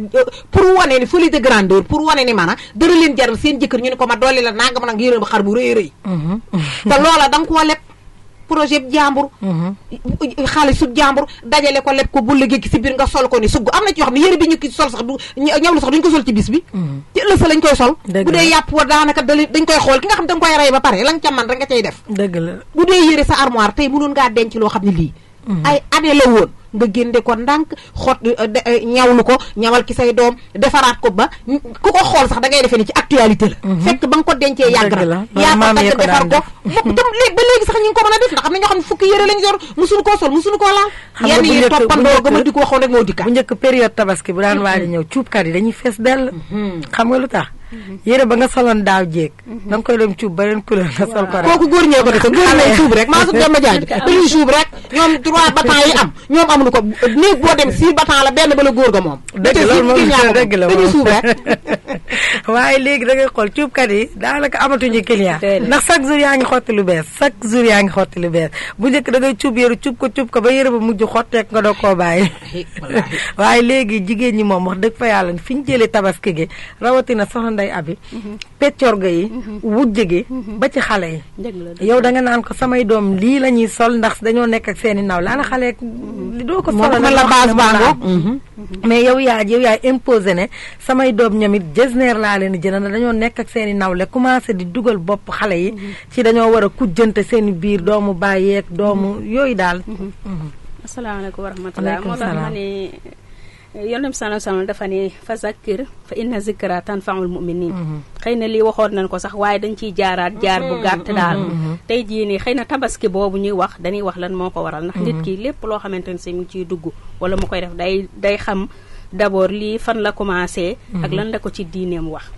pour wane ni folie de grandeur pour wane ni maanaam dara leen jaral seen jëkkër ñu ne ko ma doole la nangam nag yërëm xar bu rëy rëy te loola da koo projet jàmbur. Mhm. xaalisu jàmbur dajale ko leb ko bu liggéey ci biir nga sol ko ni sugg am na ci yoo xam ne yére bi ñu ki sol sax du ñawlu sax duñ ko sol ci bis bi. Mhm. ci ëllëg sa lañ koy sol. bu dee yàpp wa daanaka dañ koy xool ki nga xam da nga koy rey ba pare lañ ca man rek nga cay def. dëgg la bu dee yére sa armoire tey mënoon ngaa denc loo xam ne lii. Mhm. ay année la woon. nga génde ko ndànk xot euh, euh, ñawlu ko ñawal ki say doom defaraat ko ba ku ko xool sax da ngay defee ni ci actualité la mhm. fekk ba nga ko dencee yàgg na yaa ko takk defar ko mu tam ba léegi sax ñu ngi ko mën a def ndax am na ñoo xam ne fukki yëre lañu yor musuñu koo sol musuñu koo laal yenn yi toppandoo gëma di ko waxoon rek moo dikkaat bu njëkk période tabaski bu daan mm-hmm. waaj a ñëw cuubkat yi dañuy fees dell mm-hmm. xam nga lu tax yére ba nga soloon daaw jéeg mhm. da nga koy dem cuub beneen couleur nga sol ko rek kooku góor ñee ko def góor lay cuub rek maa su dem rek ñoom trois batan am ñoom amuñu ko néeg boo dem six batan la benn ba la góor ga moom dëgg la moom la dañuy cuub rek waaye léegi da ngay xool cuubkat yi daanaka amatuñu client ndax chaque jour yaa ngi xotti lu bees chaque jour yaa ngi xotti lu bees bu njëkk da ngay cuub yére cuub ko cuub ko ba yére ba mujj xotteek nga doo koo bàyyi waaye léegi jigéen ñi moom wax dëgg fa yàlla fi ñu jëlee tabaski gi Ndeye Abi peccorga yi wujje gi ba ci xale yi yow da nga naan ko samay doom lii la ñuy sol ndax dañoo nekk ak seeni naw laana xale li doo ko solal la base baa mais yow yaa yow yaa imposé ne samay doom ñoom it jesneer laa leen jënd na dañoo nekk ak seeni nawle commencé di dugal bopp xale yi ci dañoo war a kujjante seeni biir doomu bàyyeeg doomu yooyu daal asalaamaaleykum wa rahmatulah moo tax ma ne yonent bi sallallahu alayhi dafa ne fa zakkir fa inna zikra tanfa'ul mu'minin mm-hmm. xëy na lii waxoon nañ ko sax waaye dañ ciy jaaraat jaar bu mm-hmm. gàtt daal mm-hmm. tey jii nii xëy na tabaski boobu ñuy wax dañuy wax lan moo ko waral ndax nit ki lépp loo xamante ne si mu ngi ciy dugg wala mu koy def day day xam d'abord lii fan la commencé ak lan la ko ci diineem wax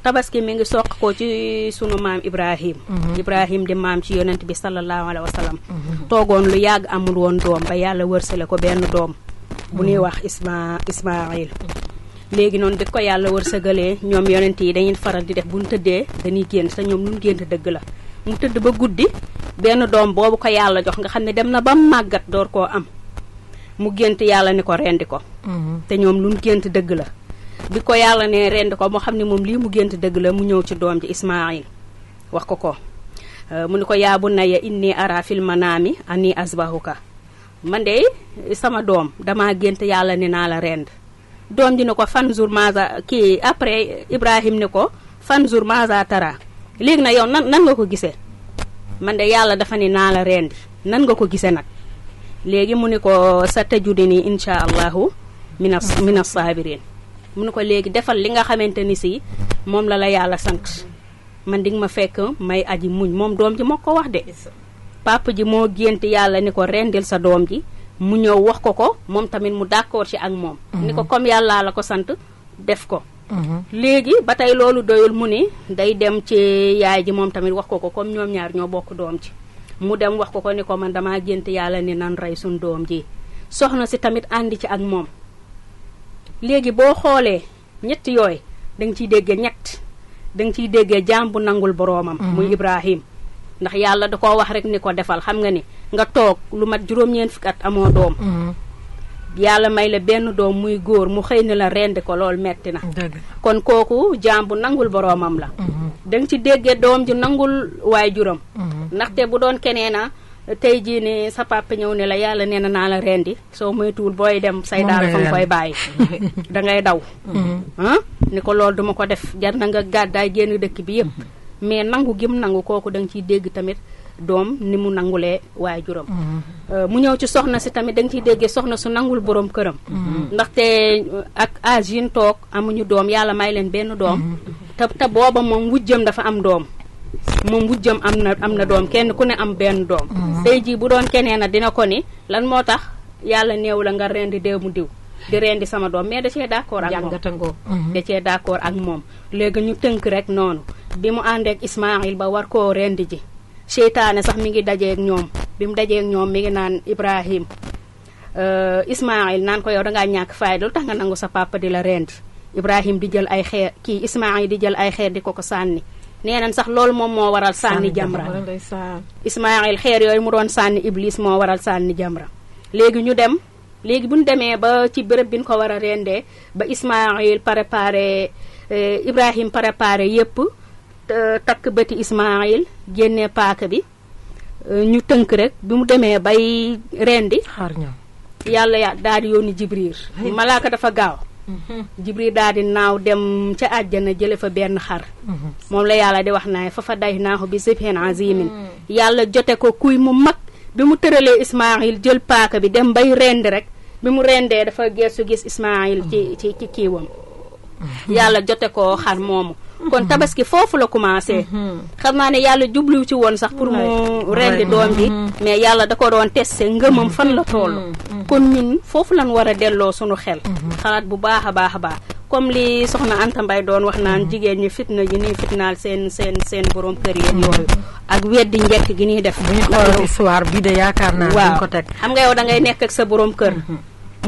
tabaski mi ngi soq ko ci sunu maam Ibrahim Ibrahim di maam ci yonent bi sallallahu alayhi wasallam toogoon lu yàgg amul woon doom ba yàlla wërsale ko benn doom bu ñuy wax isma ismail léegi noonu di ko yàlla war wërsëgalee ñoom yonent yi dañuy faral di def bu ñu tëddee dañuy génn te ñoom luñ génn dëgg la mu tëdd ba guddi benn doom boobu ko yàlla jox nga xam ne dem na ba màggat door koo am mu gént yàlla ni ko rendi ko mm-hmm. ñoom luñ gént dëgg la bi ko yàlla ne rendi ko moo xam ne moom lii mu gént dëgg la mu ñëw ci doom ji ismail wax ko ko mu ne ko yaabu naya inni ara fil manaami ani ka man de sama doom dama gént yàlla ne naa la rend doom ji ne ko fan jour maza kii après Ibrahim ne ko fan jour maza tara léegi na yow nan nan nga ko gisee man de yàlla dafa ni naa la rend nan nga ko gisee nag léegi mu ne ko sa tëjudi ni incha allahu mina saabirin mu ne ko léegi defal li nga xamante ni si moom la la yàlla sant man di ma fekk may aji muñ moom doom ji moo ko wax de papa ji moo gént yàlla ni ko rendil sa doom ji mu ñëw wax ko ko moom tamit mu d'accord ci ak moom. Mhm. ni ko comme yàllaa la ko sant def ko. Mhm. léegi ba tey loolu doyul mu ni day dem ci yaay ji moom tamit wax ko ko comme ñoom ñaar ñoo bokk doom ci mu dem wax ko ko ni ko man dama gént yàlla ni nan rey suñ doom ji soxna si tamit àndi ci ak moom léegi boo xoolee ñett yooyu danga ciy déggee ñett danga ciy déggee jaam bu nangul boroomam muy mhm. Ibrahim ndax yàlla da ko wax rek ni ko defal xam nga ni nga toog lu mat juróom-ñeent fukki at amoo doom. Mm-hmm. yàlla may la benn doom muy góor mu xëy na la rendi ko lool metti na. kon kooku jaam bu nangul boroomam la. Mm-hmm. da ci déggee doom ju nangul waaye waajuram. Mm-hmm. ndaxte bu doon keneena tey jii ni sa papa ñëw ne la yàlla nee na naa la rendi soo moytuwul booy dem. say daal fa nga koy bàyyi. da ngay daw. ni ko loolu duma ko def jar na nga gàddaay génn dëkk bi yëpp. mais nangu gim nangu kooku da nga ciy dégg tamit doom ni mu nangulee waajuram euh, mu ñëw ci soxna si tamit da nga ciy déggee soxna su nangul borom këram mm-hmm. ndaxte euh, ak âge yin toog amuñu doom yàlla may leen benn doom mm-hmm. te te booba moom wujjam dafa am doom moom wujjam am na am na doom kenn ku ne am benn doom mm-hmm. tey jii bu doon keneen a dina ko ni lan moo tax yàlla néew la nga rendi déemu diw di rendi sama doom mais da cee d'accord ak moom da cee d'accord ak moom léegi ñu tënk rek noonu bi mu àndeek Ismaayil ba war koo rendi ji seytaane sax mi ngi dajeeg ñoom bi mu dajeeg ñoom mi ngi naan Ibrahim euh, Ismaayil naan ko yow dangaa ñàkk fayda lu tax nga nangu sa papa di la rendi Ibrahim di jël ay xeer kii Ismaayil di jël ay xeer di ko ko sànni nee nañ sax loolu moom moo waral sànni jamra Ismaayil xeer yooyu mu doon sànni Iblis moo waral sànni jamra léegi ñu dem léegi bu ñu demee ba ci bërëb bi ñu ko war a rendee ba Ismaayil préparé euh, Ibrahim préparé yépp Euh, takk bëti Ismaayil génne paaka bi euh, ñu tënk rek bi mu demee bay rendi xar ñoom yàlla ya daal di yónni Jibriir malaaka dafa gaaw mm-hmm. Jibriir daal di naaw dem ca àjjana jële fa benn xar mm-hmm. moom la yàlla di wax naa fa day naaxu bi sibhin azimin mm. yàlla jote ko kuy mu mag bi mu tëralee Ismaayil jël paaka bi dem bay rendi rek bi mu rendee dafa geesu gis Ismaayil ci ci ci kiiwam mm-hmm. yàlla jote ko xar moomu kon tabaski foofu la commencé. Mhm. xam naa ne yàlla jubluwu ci woon sax pour mu rendi doom bi mhm. mais yàlla da ko doon testé ngëmam fan la toll. Mhm. kon ñun foofu lañ war a delloo sunu xel. xalaat bu baax a baax a baax. comme lii soxna Anta Mbaye doon wax naan jigéen ñi fitna ji nii fitnaal seen seen seen borom kër yeeg yooyu. ak weddi njëkk gi ñuy def. bu ñu xool histoire bi de yaakaar naa. ko teg xam nga yow da nekk ak sa boroom kër.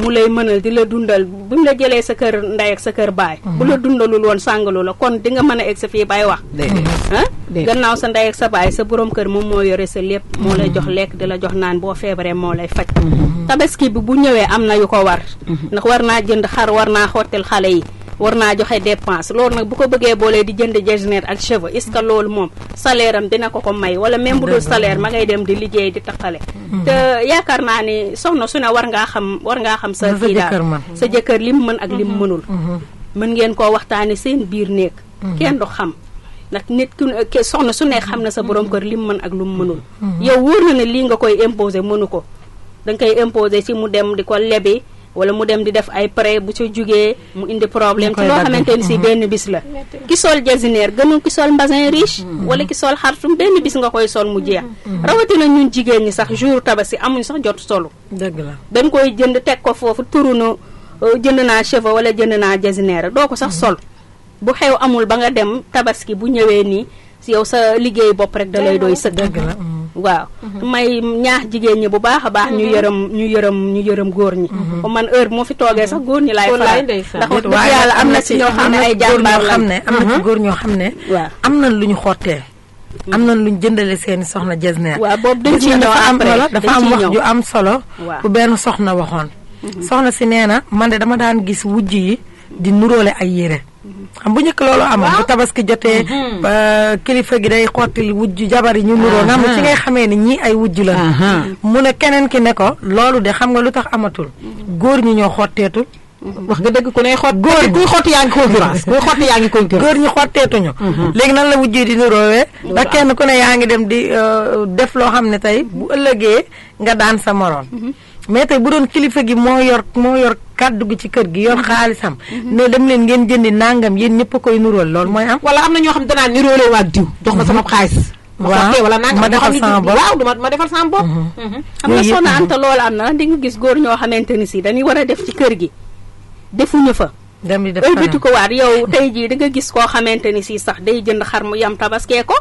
mu lay mënal di la dundal bu ñu la jëlee sa kër ndey ak sa kër baay. Mhm. bu la dundalul woon sàngalu la kon di nga mën a egg sa fii bay wax. ah gannaaw sa ndey ak sa baay sa borom kër moom moo yore sa lépp. moo lay jox lekk di la jox naan boo feebaree moo lay faj. Mhm. tabaski bi bu ñëwee am na yu ko war. ndax war naa jënd xar war naa xottil xale yi. war naa joxe dépense loolu nag bu ko bëggee boolee di jënd designer ak cheveux est-ce que loolu moom salaire am dina ko ko may wala même bu dul salaire ngay dem di liggéey di taqale mm-hmm. te yaakaar naa ni soxna su ne war ngaa xam war ngaa xam sa kii daal sa jëkkër lim mën ak lim mm-hmm. mënul mm-hmm. mën ngeen koo waxtaane seen biir néeg kenn du xam ndax nit ku soxna su ne xam na sa borom kër lim mën ak lum mënul yow wër na ne lii nga koy imposer mënu ko danga koy imposer si mu dem di ko lebi wala mu dem di def ay prêt bu ca jógee mu indi problème ci loo xamante ni si benn bis la ki sol jasineer gënul ki sol mbasin riche wala ki sol xartum benn bis nga koy sol mu jeex rawatina ñun jigéen ñi sax jour tabaski amuñ sax jot solu dëgg la dañ koy jënd teg ko foofu nu euh, jënd naa cheveux wala jënd naa jasineer doo ko sax sol bu xew amul ba nga dem tabaski bu ñëwee nii yow sa liggéey bopp rek da lay doy sëkk mm-hmm. waaw mm-hmm. may ñaax jigéen ñi bu baax a baax ñu mm-hmm. yërëm ñu yërëm ñu yërëm góor ñi man heure moo fi toogee sax góor ñi laay faral ndax wax dëgg yàlla am na ci ñoo xam ne ay am na ci góor ñoo xam ne am na lu ñu xottee am na luñ jëndalee seen soxna jasneer waaw boobu dañ ci ñëw dafa am wax ju am solo bu benn soxna waxoon soxna si nee na man de dama daan gis wujj yi di nuróole ay yére xam bu njëkk loolu amoon bu tabaski jotee mhm. kilifa gi day xottil wujj jabar yi ñu nuroo nga xam ci ngay xamee ni ñii ay wujj la mu ne keneen ki ne ko loolu de xam nga lu tax amatul góor ñi ñoo xotteetul wax nga dëgg ku ne xot góor xott yaa ngi concurrence kuy xott yaa ngi concurrence góor ñi mhm. léegi nan la wujjee di nuroowee ndax kenn ku ne yaa ngi dem di euh, def loo xam ne tey bu ëllëgee nga daan sa moroom mhm. mais tey bu doon kilifa gi moo yor moo yor kàddu gi ci kër gi yor mm-hmm. xaalisam. Mm-hmm. ne dem leen ngeen jëndi nangam yéen ñëpp koy nuróol lool mooy am. wala am na ñoo xam danaa niróole waa diw. jox ma sama mm-hmm. xaalis. waaw ma defal sama bopp waaw ma defal sama bopp. am na soxna Anta lool am na di nga gis góor ñoo xamante ni si dañuy war a def ci kër gi defuñu fa. dem di ko waat yow tey jii di nga gis koo xamante ni si sax day jënd xar mu yam tabaskee ko.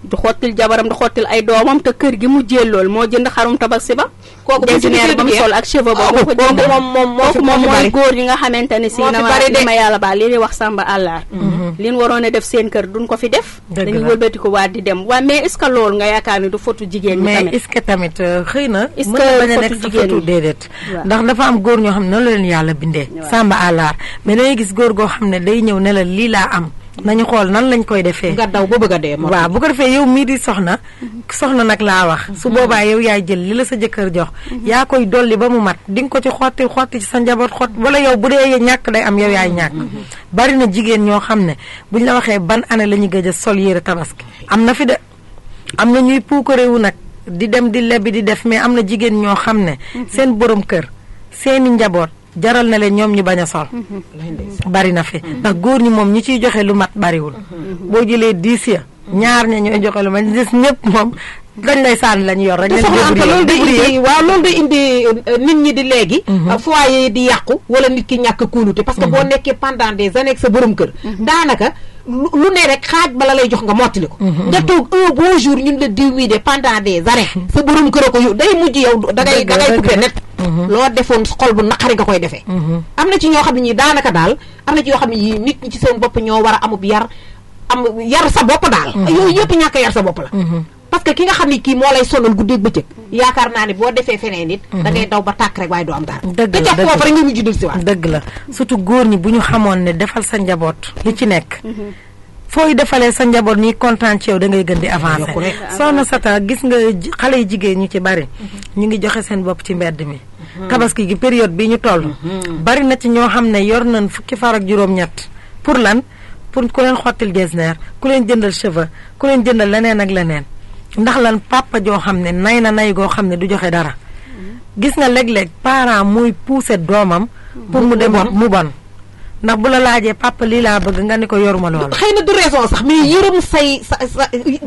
di xottil jabaram di xottil ay doomam te kër gi mu jël lool moo jënd xarum tabaski ba. kooku bu desineer ba mu sol ak cheveux ba moo ko jënd moom moom mooy góor yi nga xamante ne si. moo fi ma yàlla baal li ñuy wax Samba àllaar. Mhm. li waroon a def seen kër duñ ko fi def. dañuy wëlbati ko waa di dem waaye mais est ce que loolu nga yaakaar ni du fotu jigéen ñi tamit. mais est tamit euh, xëy na. est ce que déedéet. ndax dafa am góor ñoo xam ne noonu leen yàlla bindee. Samba àllaar mais dañuy gis góor goo xam ne day ñëw ne la lii laa am nañu xool nan lañ koy defee. nga daw ba bëgg a dee. waaw bu ko defee yow mii di soxna. soxna nag laa wax. su mhm. boobaa yow yaay jël li la sa jëkkër jox. Mhm. yaa koy dolli ba mu mat di ko ci xotti xotti ci sa njaboot xott wala yow bu dee ñàkk day am yow yaay ñàkk. Mhm. bari na jigéen ñoo xam ne bu ñu la waxee ban année la ñu gëj sol yére tabaski am na fi de am na ñuy puukarewu nag di dem di lebi di def mais am na jigéen ñoo xam ne. seen borom kër seeni njaboot. jaral na leen ñoom ñi bañ a sol bari na fi ndax góor ñi moom ñi ciy joxe lu mat bariwul boo jëlee diis ya ñaar ña ñooy joxe lu mat gis ñëpp moom dañ lay sànni lañu yor rek. loolu day indi waaw euh, loolu nit ñi di léegi. Mhm. foyer di yàqu wala nit ki ñàkk kóolute. parce que mhm. boo nekkee pendant des nekk sa borom kër. Mhm. daanaka. lu ne rek xaaj bala lay jox nga mottali ko mhm, mhm. nga toog un bon jour ñun la diw mii de pendant des années mhm. sa borom kër a ko yu day mujj yow da ngay da ngay coupé net loo defoon xol bu naqari nga koy defee am na ci ñoo xam ne ñi daanaka daal am na ci yoo xam ne yi nit ñi ci seen bopp ñoo war a amub yar am yar sa bopp daal yooyu yëpp ñàkk yar sa bopp la parce que ki nga xam ni kii moo lay sonal guddeeg bëccëg yaakaar naa ne boo defee feneen nit mhm. dangay daw ba tàkk rek waaye doo am dara dëgg la foofu rek nga mujj la surtout góor ñi bu ñu xamoon ne defal sa njaboot li ci nekk mhm. fooy defalee sa njaboot ñuy kontaan ci yow da ngay gën di avant avancé soxna Sata gis nga xale yi jigéen ñu ci bari mhm. ñu ngi joxe seen bopp ci mbedd mi tabaski gi période bi ñu toll bari na ci ñoo xam ne yor nañ fukki far ak juróom-ñett pour lan pour ku leen xottil ku leen jëndal cheveux ku jëndal leneen ak leneen ndax lan papa joo xam ne nay na nay goo xam ne du joxe dara gis nga léeg-léeg parent muy pousser doomam pour mu dem mu bon ndax bu la laajee papa lii laa bëgg nga ni ko yoruma loolu xëy na du sax mais yërëm say sa sa du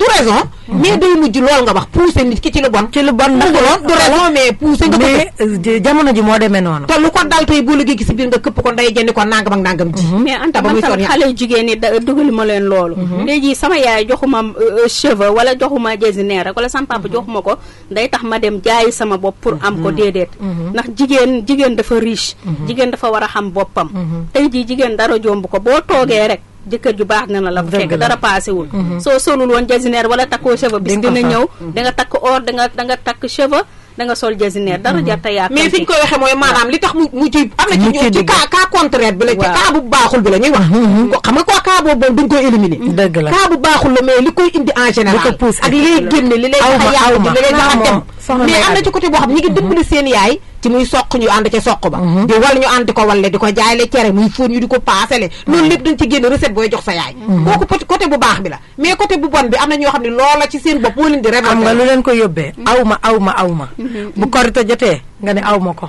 mais day mujj lool nga wax poussé nit ki ci lu bon. ci lu bon ndax du raison nga ko. Euh, jamono ji moo deme noonu. te lu ko dal tey boo gi si biir nga këpp ko nday jëndi ko nangam ak nangam ji. Mhm. mais anta man tam xale yu jigéen ñi dugaluma leen loolu. léegi mhm. sama yaay joxuma euh, cheveux wala joxuma designer rek wala sama papa mhm. joxuma ko day tax ma dem jaayi sama bopp pour am ko déedéet. ndax jigéen jigéen dafa riche. jigéen dafa war a xam boppam. tey jii jigéen dara jomb ko boo toogee rek. jëkkër ju baax na la bu fekk dara passé wul mm-hmm. soo solul woon jasineer wala takkoo cheveux bis dina ñëw mm-hmm. da nga takk or danga da nga takk cheveux da nga sol jasinaire dara mm-hmm. jarta mais fi ñu koy waxee mooy maanaam li tax mu mu ci am na ci ñoom ci cas cas bi la ci cas bu baaxul bi la ñuy wax mm-hmm. xam nga koo cas boobu dañ koy éliminer mm-hmm. dëgg bu baaxul la mais am na ci côté boo xam ñi ngi dimbali seen yaay ci muy soq ñu ànd ca soq ba di wal ñu ànd di ko walle di ko jaayale cere muy fóon ñu di ko paasale loolu lépp dañ ci génn recette booy jox sa yaay kooku peut bu baax bi la mais côté bu bon bi am na ñoo xam ne loola ci seen bopp moo leen di révolter am ko yóbbee aw ma aw ma aw ma bu korite jotee nga ne aw ma ko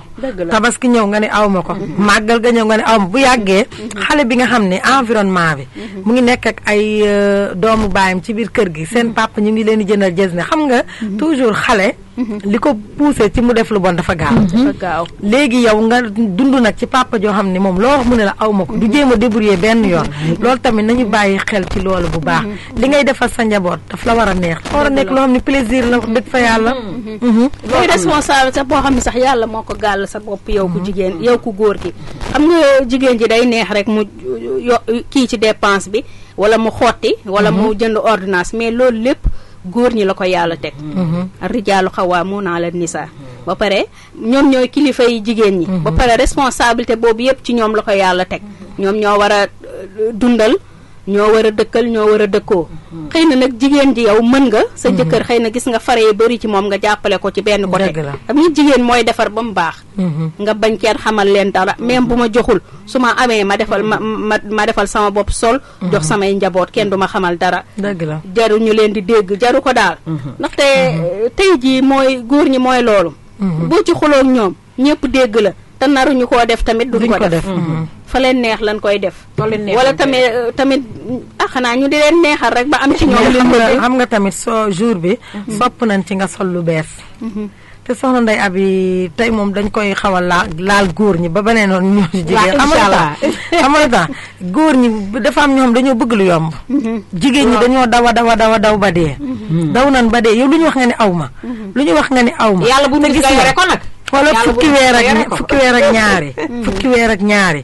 tabaski ñëw nga ne aw ko màggal ga ñëw nga ne aw bu yàggee xale bi nga xam ne environnement bi mu ngi nekk ak ay euh, doomu baayam ci biir kër gi seen papa ñu ngi leen di jëndal jës ne xam nga toujours xale li ko poussé ci mu def lu bon dafa gaaw léegi yow nga dund nag ci papa joo xam ne moom loo wax mu ne la aw ma ko du jéem a débrouiller benn yoon loolu tamit nañu bàyyi xel ci loolu bu baax li ngay defal sa njaboot daf la war a neex loo xam yàlla moo ko gàll sa bopp yow ku mhm. jigéen yow ku góor gi xam nga jigéen ji day neex rek mu yo kii ci dépense bi wala mu xotti wala mu mhm. jënd ordinance mais loolu lépp góor ñi la ko yàlla teg mhm. rijaalu xawaa moo naa la nisaa ba pare ñoom ñooy kilifa yi jigéen ñi ba pare responsabilité boobu yëpp ci ñoom la ko yàlla teg ñoom ñoo war a euh, dundal ñoo war a dëkkal ñoo war a dëkkoo mhm. xëy na nag jigéen ji yow mën nga sa mhm. jëkkër xëy na gis nga fare yu bëri ci moom nga jàppale ko ci benn côté xam nga jigéen mooy defar ba mu baax mhm. nga bañ kenn xamal leen dara même bu ma joxul su ma amee ma defal ma ma ma defal sama bopp sol jox samay njaboot kenn du ma xamal dara dëgg la jaru ñu leen di dégg jaru ko daal ndaxte mooy góor ñi mooy loolu boo ñoom ñëpp dégg la te naruñu koo def tamit duñ ko def fa leen neex lan koy def. wala tamit tamit ah xanaa ñu di leen neexal rek ba am ci ñoom. xam nga tamit soo jour bi. Mhm. sopp nañ ci nga sol lu bees. Mhm. te ndey Ndeye Abi tey moom dañ koy xaw a laal laal góor ñi ba beneen woon jigéen amul temps góor ñi dafa am ñoom dañoo bëgg lu yomb mhm. jigéen ñi dañoo dawa dawa dawa daw ba dee daw nan ba dee yow lu ñu wax nga ni aw ma lu ñu wax nga ni aw ma yàlla bu ñu gis nga yore nag wala fukki weer ak ñaari mm-hmm. fukki weer ak ñaari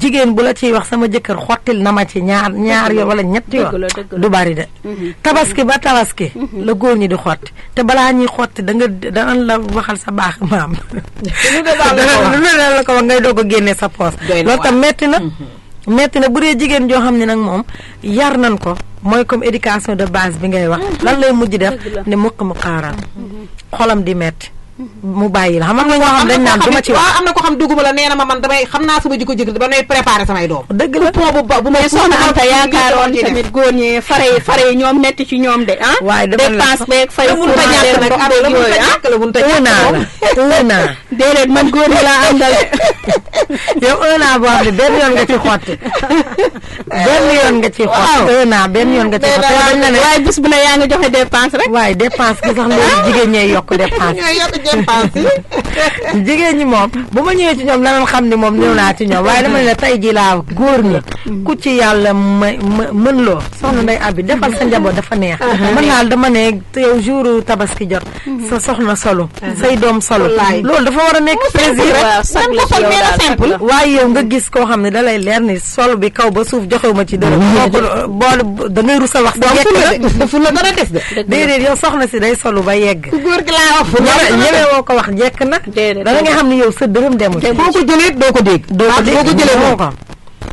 jigéen bu la ciy wax sama jëkkër xottil na ma ci ñaar ñaar yoon wala ñetti yoon du bari de mm-hmm. tabaski ba tabaski mm-hmm. la góor ñi di xotti te balaa ñuy xotti da nga danañ la waxal sa baax maam lu ne la ko wax ngay doog a génne sa poos loolu tam metti na metti na bu dee jigéen joo xam ne nag moom yar nan ko mooy comme éducation de base bi ngay wax lan lay mujj def ne muq mu xaaral xolam di metti mu bàyyi la xam nga ma ci ko xam duguma la nee ma man damay xam naa sama jikko jëkkër damay préparé samay doom dëgg la bu ba bu ma soxna Anta yaakaaroon tamit góor ñi fare yi fare yi ñoom metti ci ñoom de ah waaye dépense beeg fay mun ta ñàkk am la mun ta ñàkk la mun ta ah. ñàkk la un an déedéet man góor ñi laa àndal yow un an boo xam ne benn yoon nga ci xotti benn yoon nga ci xotti un benn yoon nga ci xotti waaye bis bu ne yaa ngi joxe dépense rek waaye dépense gi sax léegi jigéen ñee yokk dépense jigéen ñi moom bu ma ñëwee ci ñoom danañ xam ni moom ñëw naa ci ñoom waaye dama ne la tey ji laa góor ñi ku ci yàlla ma ma mën loo soxna nday abbi defal sa njaboot dafa neex uh-huh. mën naa dama ne yow jour tabaski jot uh-huh. sa soxna solo uh-huh. say doom solo loolu dafa war a nekk plaisir rek waaye yow nga gis koo xam ne dalay leer ni sol bi kaw ba suuf joxewu ma ci dërëm boolu da ngay rusa wax si yegg la dara si day solu ba yegg teewoo ko wax jekk na. dana nga xam ni yow sa dërëm demul. boo ko jëlee doo ko dégg. doo ko ah, dégg doo ko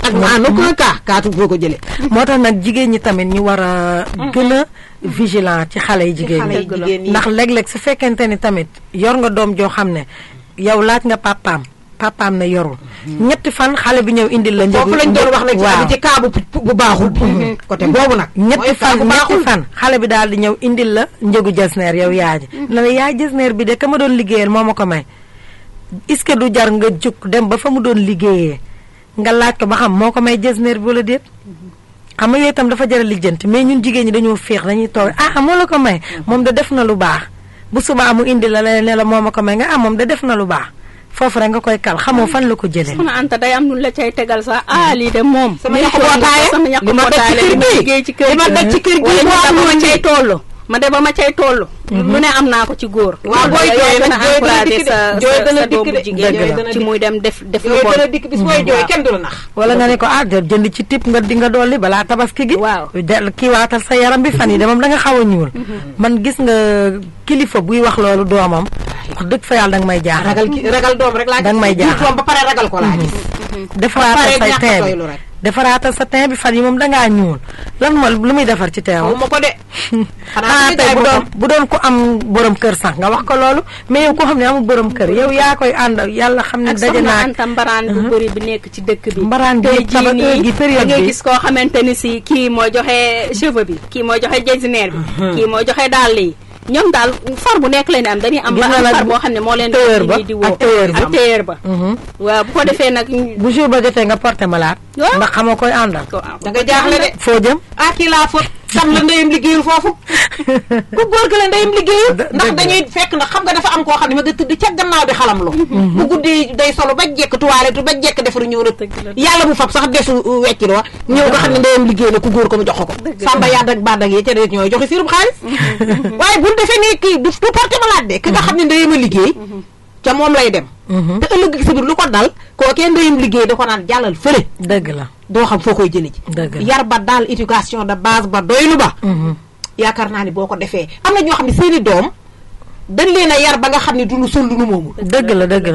ak en aucun cas kaatu ko jëlee. moo tax nag jigéen ñi tamit ñu war a. gën a vigilant ci xale yi jigéen ñi. ndax léeg-léeg su fekkente ni tamit yor nga doom joo xam ne yow laaj nga papaam. papaam na yorul. ñetti fan xale bi ñëw indil la. njëgu foofu lañ doon wax nag ci ci kaabu bu baaxul. Mhm. Mhm. côté boobu nag. ñetti fan ñetti xale bi daal di ñëw indil la njëgu jasneer yow yaa ji. Mhm. na la yaa jasneer bi de ka ma doon liggéeyal moo ma ko may. est-ce que du jar nga jóg dem ba fa mu doon liggéeyee nga laaj ko ba xam moo ko may jasneer bi wala déet. xam nga yooyu itam dafa jar a lijjanti mais ñun jigéen ñi dañoo féex dañuy toog ah, ah moo la ko may moom da def na lu baax bu subaa amu indi la ne la moom ma ko may nga am ah, moom da def na lu baax foofu rek nga koy kal xamoo fan la ko jëlee. soxna Anta day am lu la cay tegal sa ah lii de moom. sama ñax mbootaay sama ñax mbootaay li ma liggéey ci kër gi li ma daj ci kër gi moo am lu cay toll. de ma cay toll. Mhm. lu ne am naa ko ci góor. waaw booy jooy nag encouragé sa sa doomu jigéen ci muy dem def def lu bon. dana dikk bis booy jooy kenn du la nax. wala nga ne ko ah jënd ci tip nga di nga dolli balaa tabaski gi. waaw del kii sa yaram bi fan yi de moom da nga xaw a ñuul. Mhm. man gis nga kilifa buy wax loolu doomam. wallaahi fa yàlla danga may jaaxal. ragal ki ragal doom rek laa danga may jaaxal ba pare ragal ko laa gis. Mm-hmm. Mm-hmm. defaraatal sa teint bi defaraatal sa bi fan yi moom dangaa ñuul lan ma lu muy defar ci teewam. xawma ko de. xanaa ah, tey bu doon ko am borom kër sax nga wax ko loolu mais yow koo xam ne amul borom kër yow yaa koy ànd yàlla xam ne. daje naa ak soxna Anta mbaraan bu uh-huh. bëri bi nekk ci dëkk bi. mbaraan gi tabateur gi période bi gis koo xamante ni si kii moo joxe cheveux bi. kii moo joxe jasineer bi. Uh-huh. kii moo joxe dàll yi ñoom daal far bu nekk leen am dañuy am ba am far boo xam ne moo leen di woo ak téyeer ba mhm. waaw bu ko defee nag bu jour ba jotee nga porté malade ndax xamoo koy àndal da nga jaaxle de foo jëm ah kii laa fot sam la ndeyam liggéeyul foofu ku góor ga la ndeyam liggéeyul ndax dañuy fekk ndax xam nga dafa am koo xam ne ma nga tëdd ca gannaaw di xalam lu mhm. bu guddee day solo ba jekk tuwaaletu ba jekk defaru ñëw na yàlla bu fab sax desu uh, wecci wa ñëw nga xam ne ndeyam liggéey la ku góor ko mu jox ko samba yadd ak badd ak yee ca reet ñooy joxe sirub xaalis waaye buñ defee ne du porté malade de ki nga mhm. xam ne ndeyam a liggéey mhm. ca moom lay dem. Mhm. te ëllëg si lu ko dal koo kenn ndeyam liggéey da ko naan jàllal fële. dëgg la doo xam foo koy jëlee ji. dëgg la yar ba daal éducation de base ba doylu ba. Mhm. yaakaar naa ni boo ko defee am na ñoo xam ne seeni doom. dañ leen a yar ba nga xam ne duñu sol lu nu moomul. dëgg la dëgg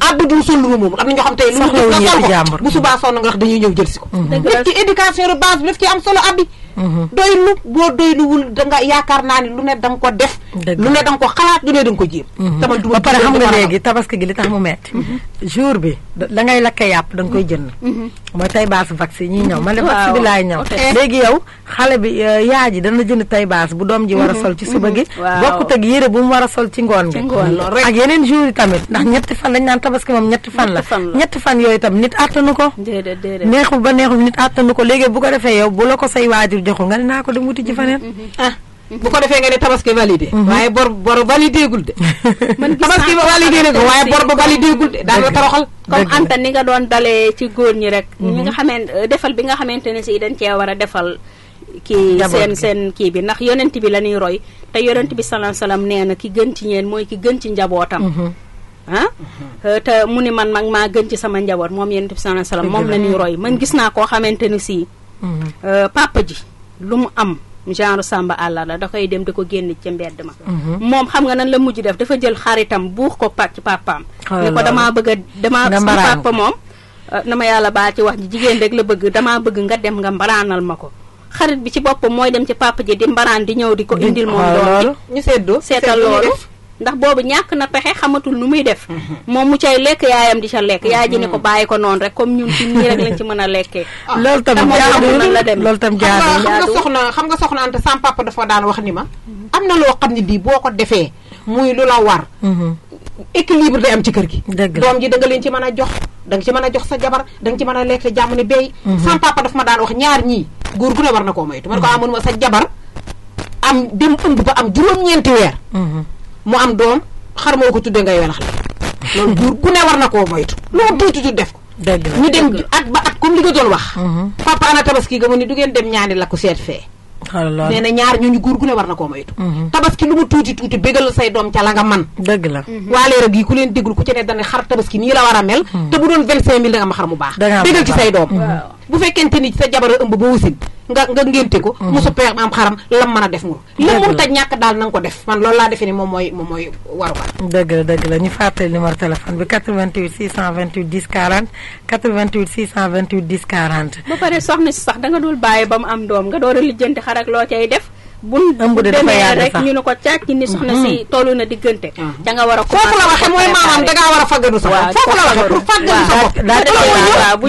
àbb duñu sol lu mhm. moomul am na ñoo xam tey. lu mu sol ko bu subaa sonn nga wax dañuy ñëw jël ko. dëgg la nit ki de base bi daf ci am solo àbbi. doylu boo doyluwul da nga yaakaar naa ni lu ne da nga ko def lu ne da nga ko xalaat lu ne da ko jéem tamal mhm. du ba pare xam nga léegi tabaski gi li tax mu metti mhm. jour bi da ngay lakke yàpp da koy jënd mhm. mooy tay baas vaccin yi ñuy ñëw man de vaccin bi laay ñëw léegi yow xale bi euh, yaa ji dana jënd tay baas bu doom ji war a sol ci suba gi bokkut ak yére bu mu war a sol ci ngoon gi ak yeneen jour yi tamit ndax ñetti fan dañ naan tabaski moom ñetti fan la ñetti fan yooyu tam nit àttanu ko neexu ba neexu nit àttanu ko léegi bu ko defee yow bu la ko say waajur joxul nga ne naa ko dem wuti ci mm-hmm. ah, mm-hmm. bu ko defee nga ne tabaski validé mm-hmm. waaye bor bor validé gul de tabaski ba validé na ko waaye bor ba validé gul de daa nga toroxal comme Anta ni nga doon dalee ci góor ñi rek ñi nga xamante defal bi nga xamante ne si dañ cee war a defal kii seen seen kii bi ndax yonent bi la ñuy roy te yonent bi salaam salaam nee na ki gën ci ñeen mooy ki gën ci njabootam ah? te mu ni man mag maa gën ci sama njaboot moom yonent bi salaam salaam moom la ñuy roy man gis naa koo xamante ni si euh, lu mu am genre sàmba àllar la da koy dem di ko génn ca mbedd ma mhm. moom xam nga nan la mujj def dafa jël xaritam buux ko pàcc papaam oh, ne ko damaa bëgg a damaa sama papa moom eh, na ma yàlla baal ci wax jigéen rek la bëgg damaa bëgg nga dem nga mbalaanal ma ko xarit bi ci boppam mooy dem ci papa ji di mbaraan di ñëw di ko indil moom doom ñu seddu seetal loolu ndax boobu ñàkk na pexe xamatul lu muy def moom mu cay lekk yaayam di ca lekk mm-hmm. yaay ji ni ko bàyyi ko noonu rek comme ñun ci nii rek lañ ci mën a lekkee ah. loolu tam jaaduwul la dem loolu tam jaaduwul xam nga xam nga soxna Anta sam papa wax ni ma mm-hmm. am na loo xam ne bii boo ko defee mm-hmm. muy lu la war équilibre day am ci kër gi doom ji da nga ci mën a jox da nga mën a jox sa jabar da ci mën a lekk jàmm ne béy sam ma daan wax ñaar ñii góor gu ne war na koo moytu man ko amoon ah, ma sa jabar am dem ëmb ba am juróom-ñeenti weer mu am doom xar moo ko tuddee ngay welax la loolu góor gu ne war na koo moytu loo tuuti tuuti def ko ñu dem at ba at comme li nga doon wax mhm. papa ana tabaski ga mu ni du ngeen dem ñaani la ko seet fee nee na ñaar ñooñu góor gu ne war na koo moytu mhm. tabaski lu mu tuuti tuuti bégal say doom ca la nga man dëgg la mhm. waa leeral gi ku leen déglu ku ci ne dana xar tabaski nii la war a mel te bu doon vingt cinq mille da nga ma xar mu baax bégal ci say doom bu sa jabar a ëmb ba wasin nga nga ngénte ko mm-hmm. mu sa am xaram lam mën a def mu la mun ta ñàkk daal na ko def man loolu laa defee ne moom mooy moom mooy warugar dëgg la dëgg la ñu fàttali numéro téléphone bi 88 628 10 40 88 628 10 40 ba pare soxna si sax danga nga dul bàyyi ba mu am doom nga door a lijjanti xarak loo cay def bu ëmb de dafa yàgg rek ñu ne ko càcc ni mm-hmm. soxna si tollu na diggante mm-hmm. da nga war a foofu la waxe mooy maamam da ngaa war a faggadu sa bopp foofu la waxe pour faggadu sa bopp waaw bu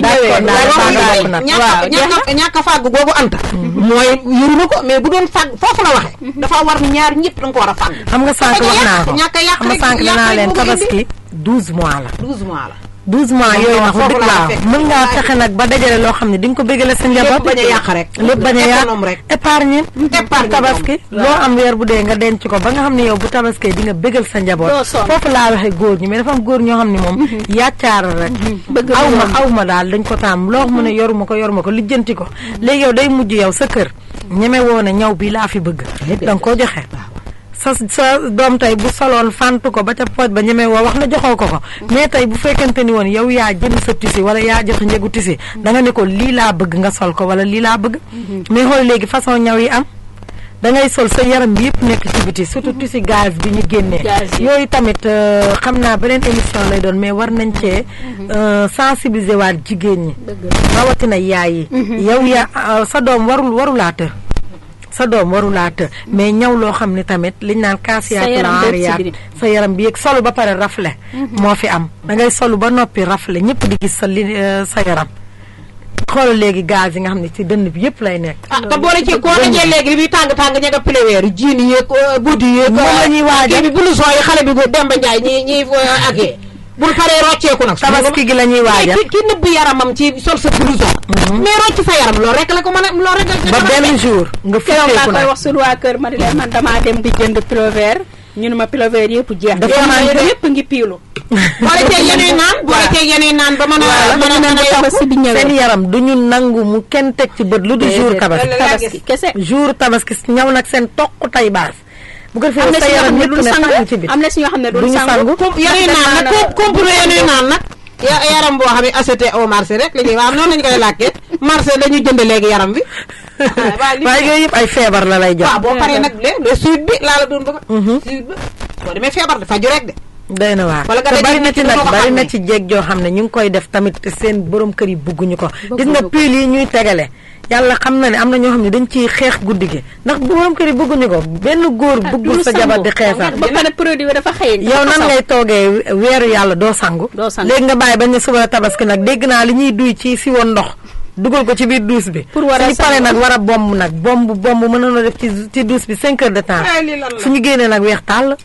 ñëwee ñàkk a fàgg googu anta mooy yuru na ko mais bu doon fàgg foofu la waxe mm-hmm. dafa war ñaar ñëpp da nga ko war a fàgg xam nga sànq wax naa ko xam nga sànq naa leen tabaski douze mois la douze mois la 12 mois yooyu nag dëgg laa mën ngaa fexe nag ba dajale loo xam ne di nga ko bëggale sa njaboot lépp bañ a yàq rek lépp bañ a yàq rek épargne épargne tabaski loo am weer bu dee nga denc ko ba nga xam ne yow bu tabaski di nga bëggal sa njaboot foofu laa waxee góor ñi mais dafa góor ñoo xam ne moom mm-hmm. yàccaara rek mm-hmm. aw ma aw ma daal dañ ko taam loo xam ne mm-hmm. yoruma ko yoruma ko lijjanti ko léegi yow day mujj yow sa kër ñeme woon a ñaw bi laa fi bëgg danga ko joxe sa sa doom tey bu soloon fantu ko ba ca pooj ba ñemee woo wax na joxoo ko ko mm-hmm. mais tey bu fekkente ni woon yow yaa jënd sa tisi wala yaa jox njëgu tisi mm-hmm. da nga ne ko lii laa bëgg nga sol ko wala lii laa bëgg mm-hmm. mais xool léegi façon ñaw yi am da ngay sol sa yaram bi yëpp nekk ci biti surtout tisi gaz bi ñu génnee yooyu tamit euh, xam naa beneen émission lay doon mais war nañ cee euh, sensibiliser waat jigéen ñi rawatina yaay yi yow yaa euh, sa doom warul warulaa tër sa doom warulaa të mais ñaw loo xam ne tamit liñ naan kaas yaat laar yaat sa yaram bi yëg solu ba pare rafle mhm. moo fi am da ngay solu ba noppi rafle ñëpp di gis sa li eh, sa yaram xoolal léegi gaz yi nga xam ne ci dënn bi yëpp lay nekk. ah te boole ci koo dajee léegi li muy tàng tàng ña nga pileweer jiin yeeg eh, buddi yeeg. moom la ñuy waajal kii bi blouson yi xale bi bu Demba Ndiaye ñi ñi eh, agee. bu paree rocceeku nag. tabaski gi la ñuy waajal ki nëbbu yaramam ci sol sa blouson. Mhm. mais rocc sa yaram loolu rek la ko man a loolu rek la. ba benn jour nga wax sunu waa kër ma di leen man di jënd pilover ñu ne ma pilover yëpp jeex. dafa naan yëpp ngi piilu. boole ceeg yenuy naan naan ba mën a. mën a tabaski bi ñëwee seen yaram du ñu nangu mu kenn teg ci bët lu du jour tabaski. tabaski kese jour tabaski ñaw nag seen toq tay baas bu ko defee am na si ñoo xam ne duñu sangu yaruy naan nag comprimé yaruy naan nag yaram boo xam ne acheté au marché rek la ñuy wax noonu lañu koy làkkee marché la ñuy jënd léegi yaram bi waaye yooyu yëpp ay feebar la lay jox waaw boo paree nag le le suite bi laa la doon bëgg mhm. suite bi boo demee feebar dafa ju rek de day na waar te bari na ci nag bari na ci jeeg joo xam ne ñu ngi koy def tamit seen borom kër yi bugguñu ko gis nga piil yi ñuy tegale yàlla xam na ne am na ñoo xam ne dañ ciy xeex guddi gi ndax borom kër yi bugguñu ko benn góor ah, buggul sa jabar di xeesal yow nan ngay toogee weeru yàlla doo sangu léegi nga bàyyi bañ ne suba la tabaski nag dégg naa li ñuy duy ci si woon ndox dugal ko ci biir douche bi suñu paree nag war a bomb nag bomb bomb mën na def ci douche bi cinq heures de temps ah, suñu génnee nag weex tàll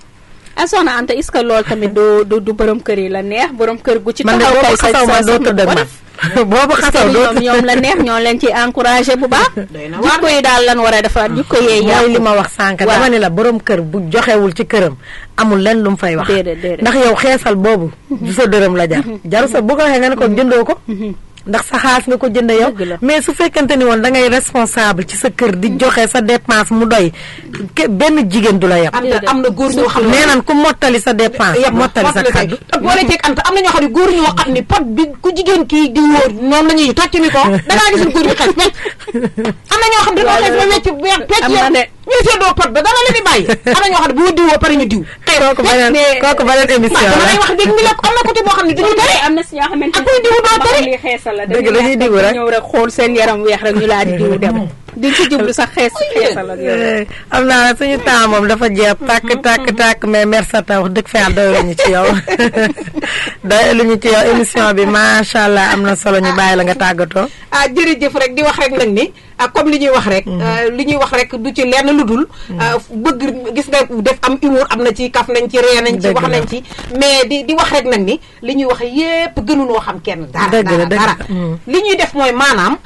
ah soxna Anta est-ce que loolu tamit du du du borom kër yi la neex borom kër gu ci taxaw kay sa sa soxna bu ko def boobu xasaw doon ñoom la neex ñoom leen ci encouragé bu baax. jikko yi daal lan war a defar ah. jikko yee yàqu mooy li ma wax sànq. dama ne la borom kër bu joxewul ci këram amul leen lu mu fay wax. ndax yow xeesal boobu. du sa dërëm la jar. jaru sa bu ko waxee nga ne ko jëndoo ko. ndax sa xaalis nga ko jënd yow mais su fekkante ni woon da ngay responsable ci sa kër di joxe sa dépense mu doy benn jigéen du la yab. am na góor ñoo xam ne nee nan ku mottali sa dépense. mottali sa kàddu boole ceeg Anta am na ñoo xam ne góor ñu xam ne pot bi ku jigéen kii di wóor moom la ñuy tocc mi ko da ngaa gisul góor ñu xel am na ñoo xam ne dañoo xel ma wecc ngeen séddoo pot ba dara la di bàyyi am ñoo xam ne bu ma pare ñu diw. kooku beneen kooku beneen émission la damay wax dëgg mi lépp am na côté boo xam ne dañu bëri. am na si ñoo xamante ne ak kuy diw doo bëri. dëgg la xool seen yaram weex rek ñu laa di diw dem. di ci jublu sax xees xeesal ak yow. Eh, am naa suñu temps moom dafa jeex mm-hmm, tàkk tàkk mm-hmm. tàkk mais merci à wax dëgg fa yàlla doyaluñu ci yow doyaluñu ci émission bi macha allah am na solo ñu bàyyi la nga tàggatoo. ah, ah jërëjëf rek di wax rek nag ni ah, comme li ñuy wax rek. Mm-hmm. Ah, li ñuy wax rek du ci lenn lu dul. bëgg gis nga def am humour am na ci kaf nañ ci ree nañ ci wax nañ ci. mais di di wax rek nag ni li ñuy wax yépp gënuloo xam kenn. dara dara dara li ñuy def mooy maanaam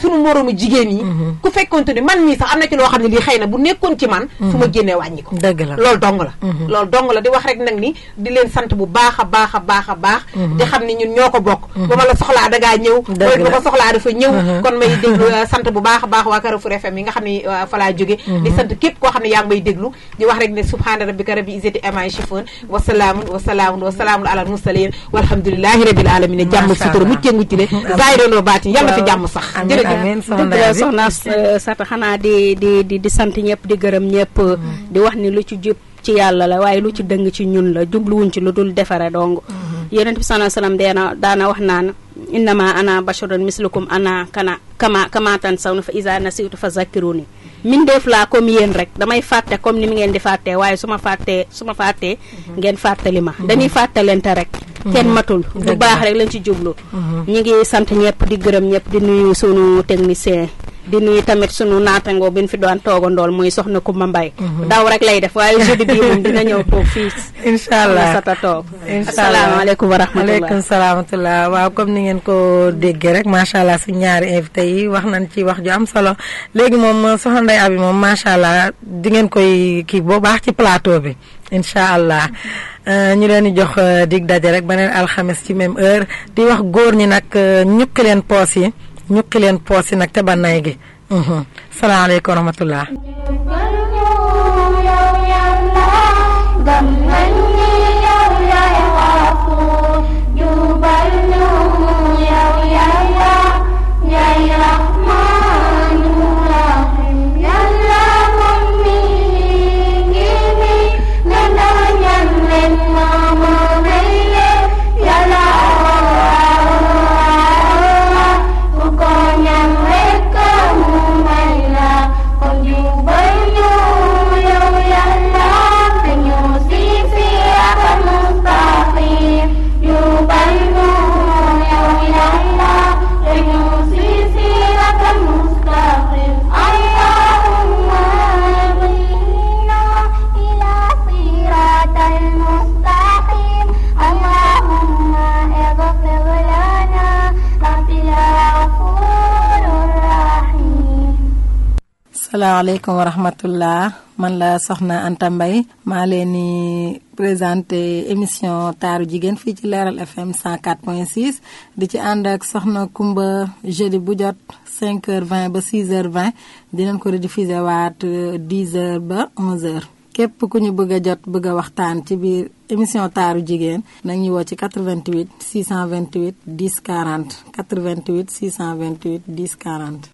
sunu moroomu jigéen yi. ku fekkonte ni man mii sax am na ci loo xam ne lii xëy na bu nekkoon ci man su mm-hmm. ma génnee wàññi ko dëgg la loolu dong la mm-hmm. loolu dong la di wax rek nag ni di leen sant bu baax a baax a baax a baax mm-hmm. di xam ne ñun ñoo ko bokk ba ma la soxlaa dangaa ñëw mooy ba ma soxlaa dafa ñëw kon may déglu euh, sant bu baax a baax waa Carrefour FM yi nga xam ne euh, fa laa jóge di sant képp koo xam ne yaa ngi may déglu di wax rek ne subhaana rabbika rabbi izzati amay chifoon wasalaamun wasalaamun wasalaamun alal mursalin walhamdulilahi rabbil alamin jàmm sutura mucce muccile zaay doonoo baati yàlla fi jàmm sax jërëjëf Euh, sata xanaa di di di di sant ñëpp di gërëm ñëpp mm-hmm. di wax ni lu ci jub ci yàlla la waaye lu ci mm-hmm. dëng ci ñun la jubluwuñ ci lu dul defare dong mm-hmm. yonent bi sana alayhi wasallam na daana wax naan innama ana basharun mislukum ana kana kama kamatan saw na fa na isa nasitu fa zakiruni min def laa comme yéen rek damay fàtte comme ni mu ngeen di fàttee waaye su ma fàttee su ma fàttee ngeen fàttali ma dañuy fàttalente rek kenn matul lu baax rek lañ ci jublu ñu ngi sant ñëpp di gërëm ñëpp di nuyu sunu technicien di nuyu tamit suñu naatangoo bi ñu fi doon toogandool muy soxna Kumba Mbaye mhm. daw rek lay def waaye jeudi bii moom dina ñëw toog fii incha allah sata toog asalaamaaleykum wa rahmatulah aleykum salaamatulah waaw comme ni ngeen ko déggee rek macha allah suñu ñaari invité wax nañ ci wax ju am solo léegi moom soxna Ndeye Abi moom macha allah di ngeen koy kii boo baax ci plateau bi incha allah euh, ñu leen di jox euh, dig daje rek beneen alxames ci même heure di wax góor ñi nag euh, ñukki leen poos yi ñukki leen poos yi nag te ba nay gi mhm. salaamaaleykum salaamaaleykum wa rahmatullah man la soxna Anta ma maa leen di présenté émission taaru jigéen fii ci Leeral FM 104.6 di ci ànd ak soxna Kumba jeudi bu jot 5h20 ba 6h20 dinañ ko rediffusé waat 10h euh, ba 11 képp ku ñu bëgg a jot bëgg a waxtaan ci biir émission taaru jigéen nag ñu woo ci 88 628 10 40 88 628 10 40.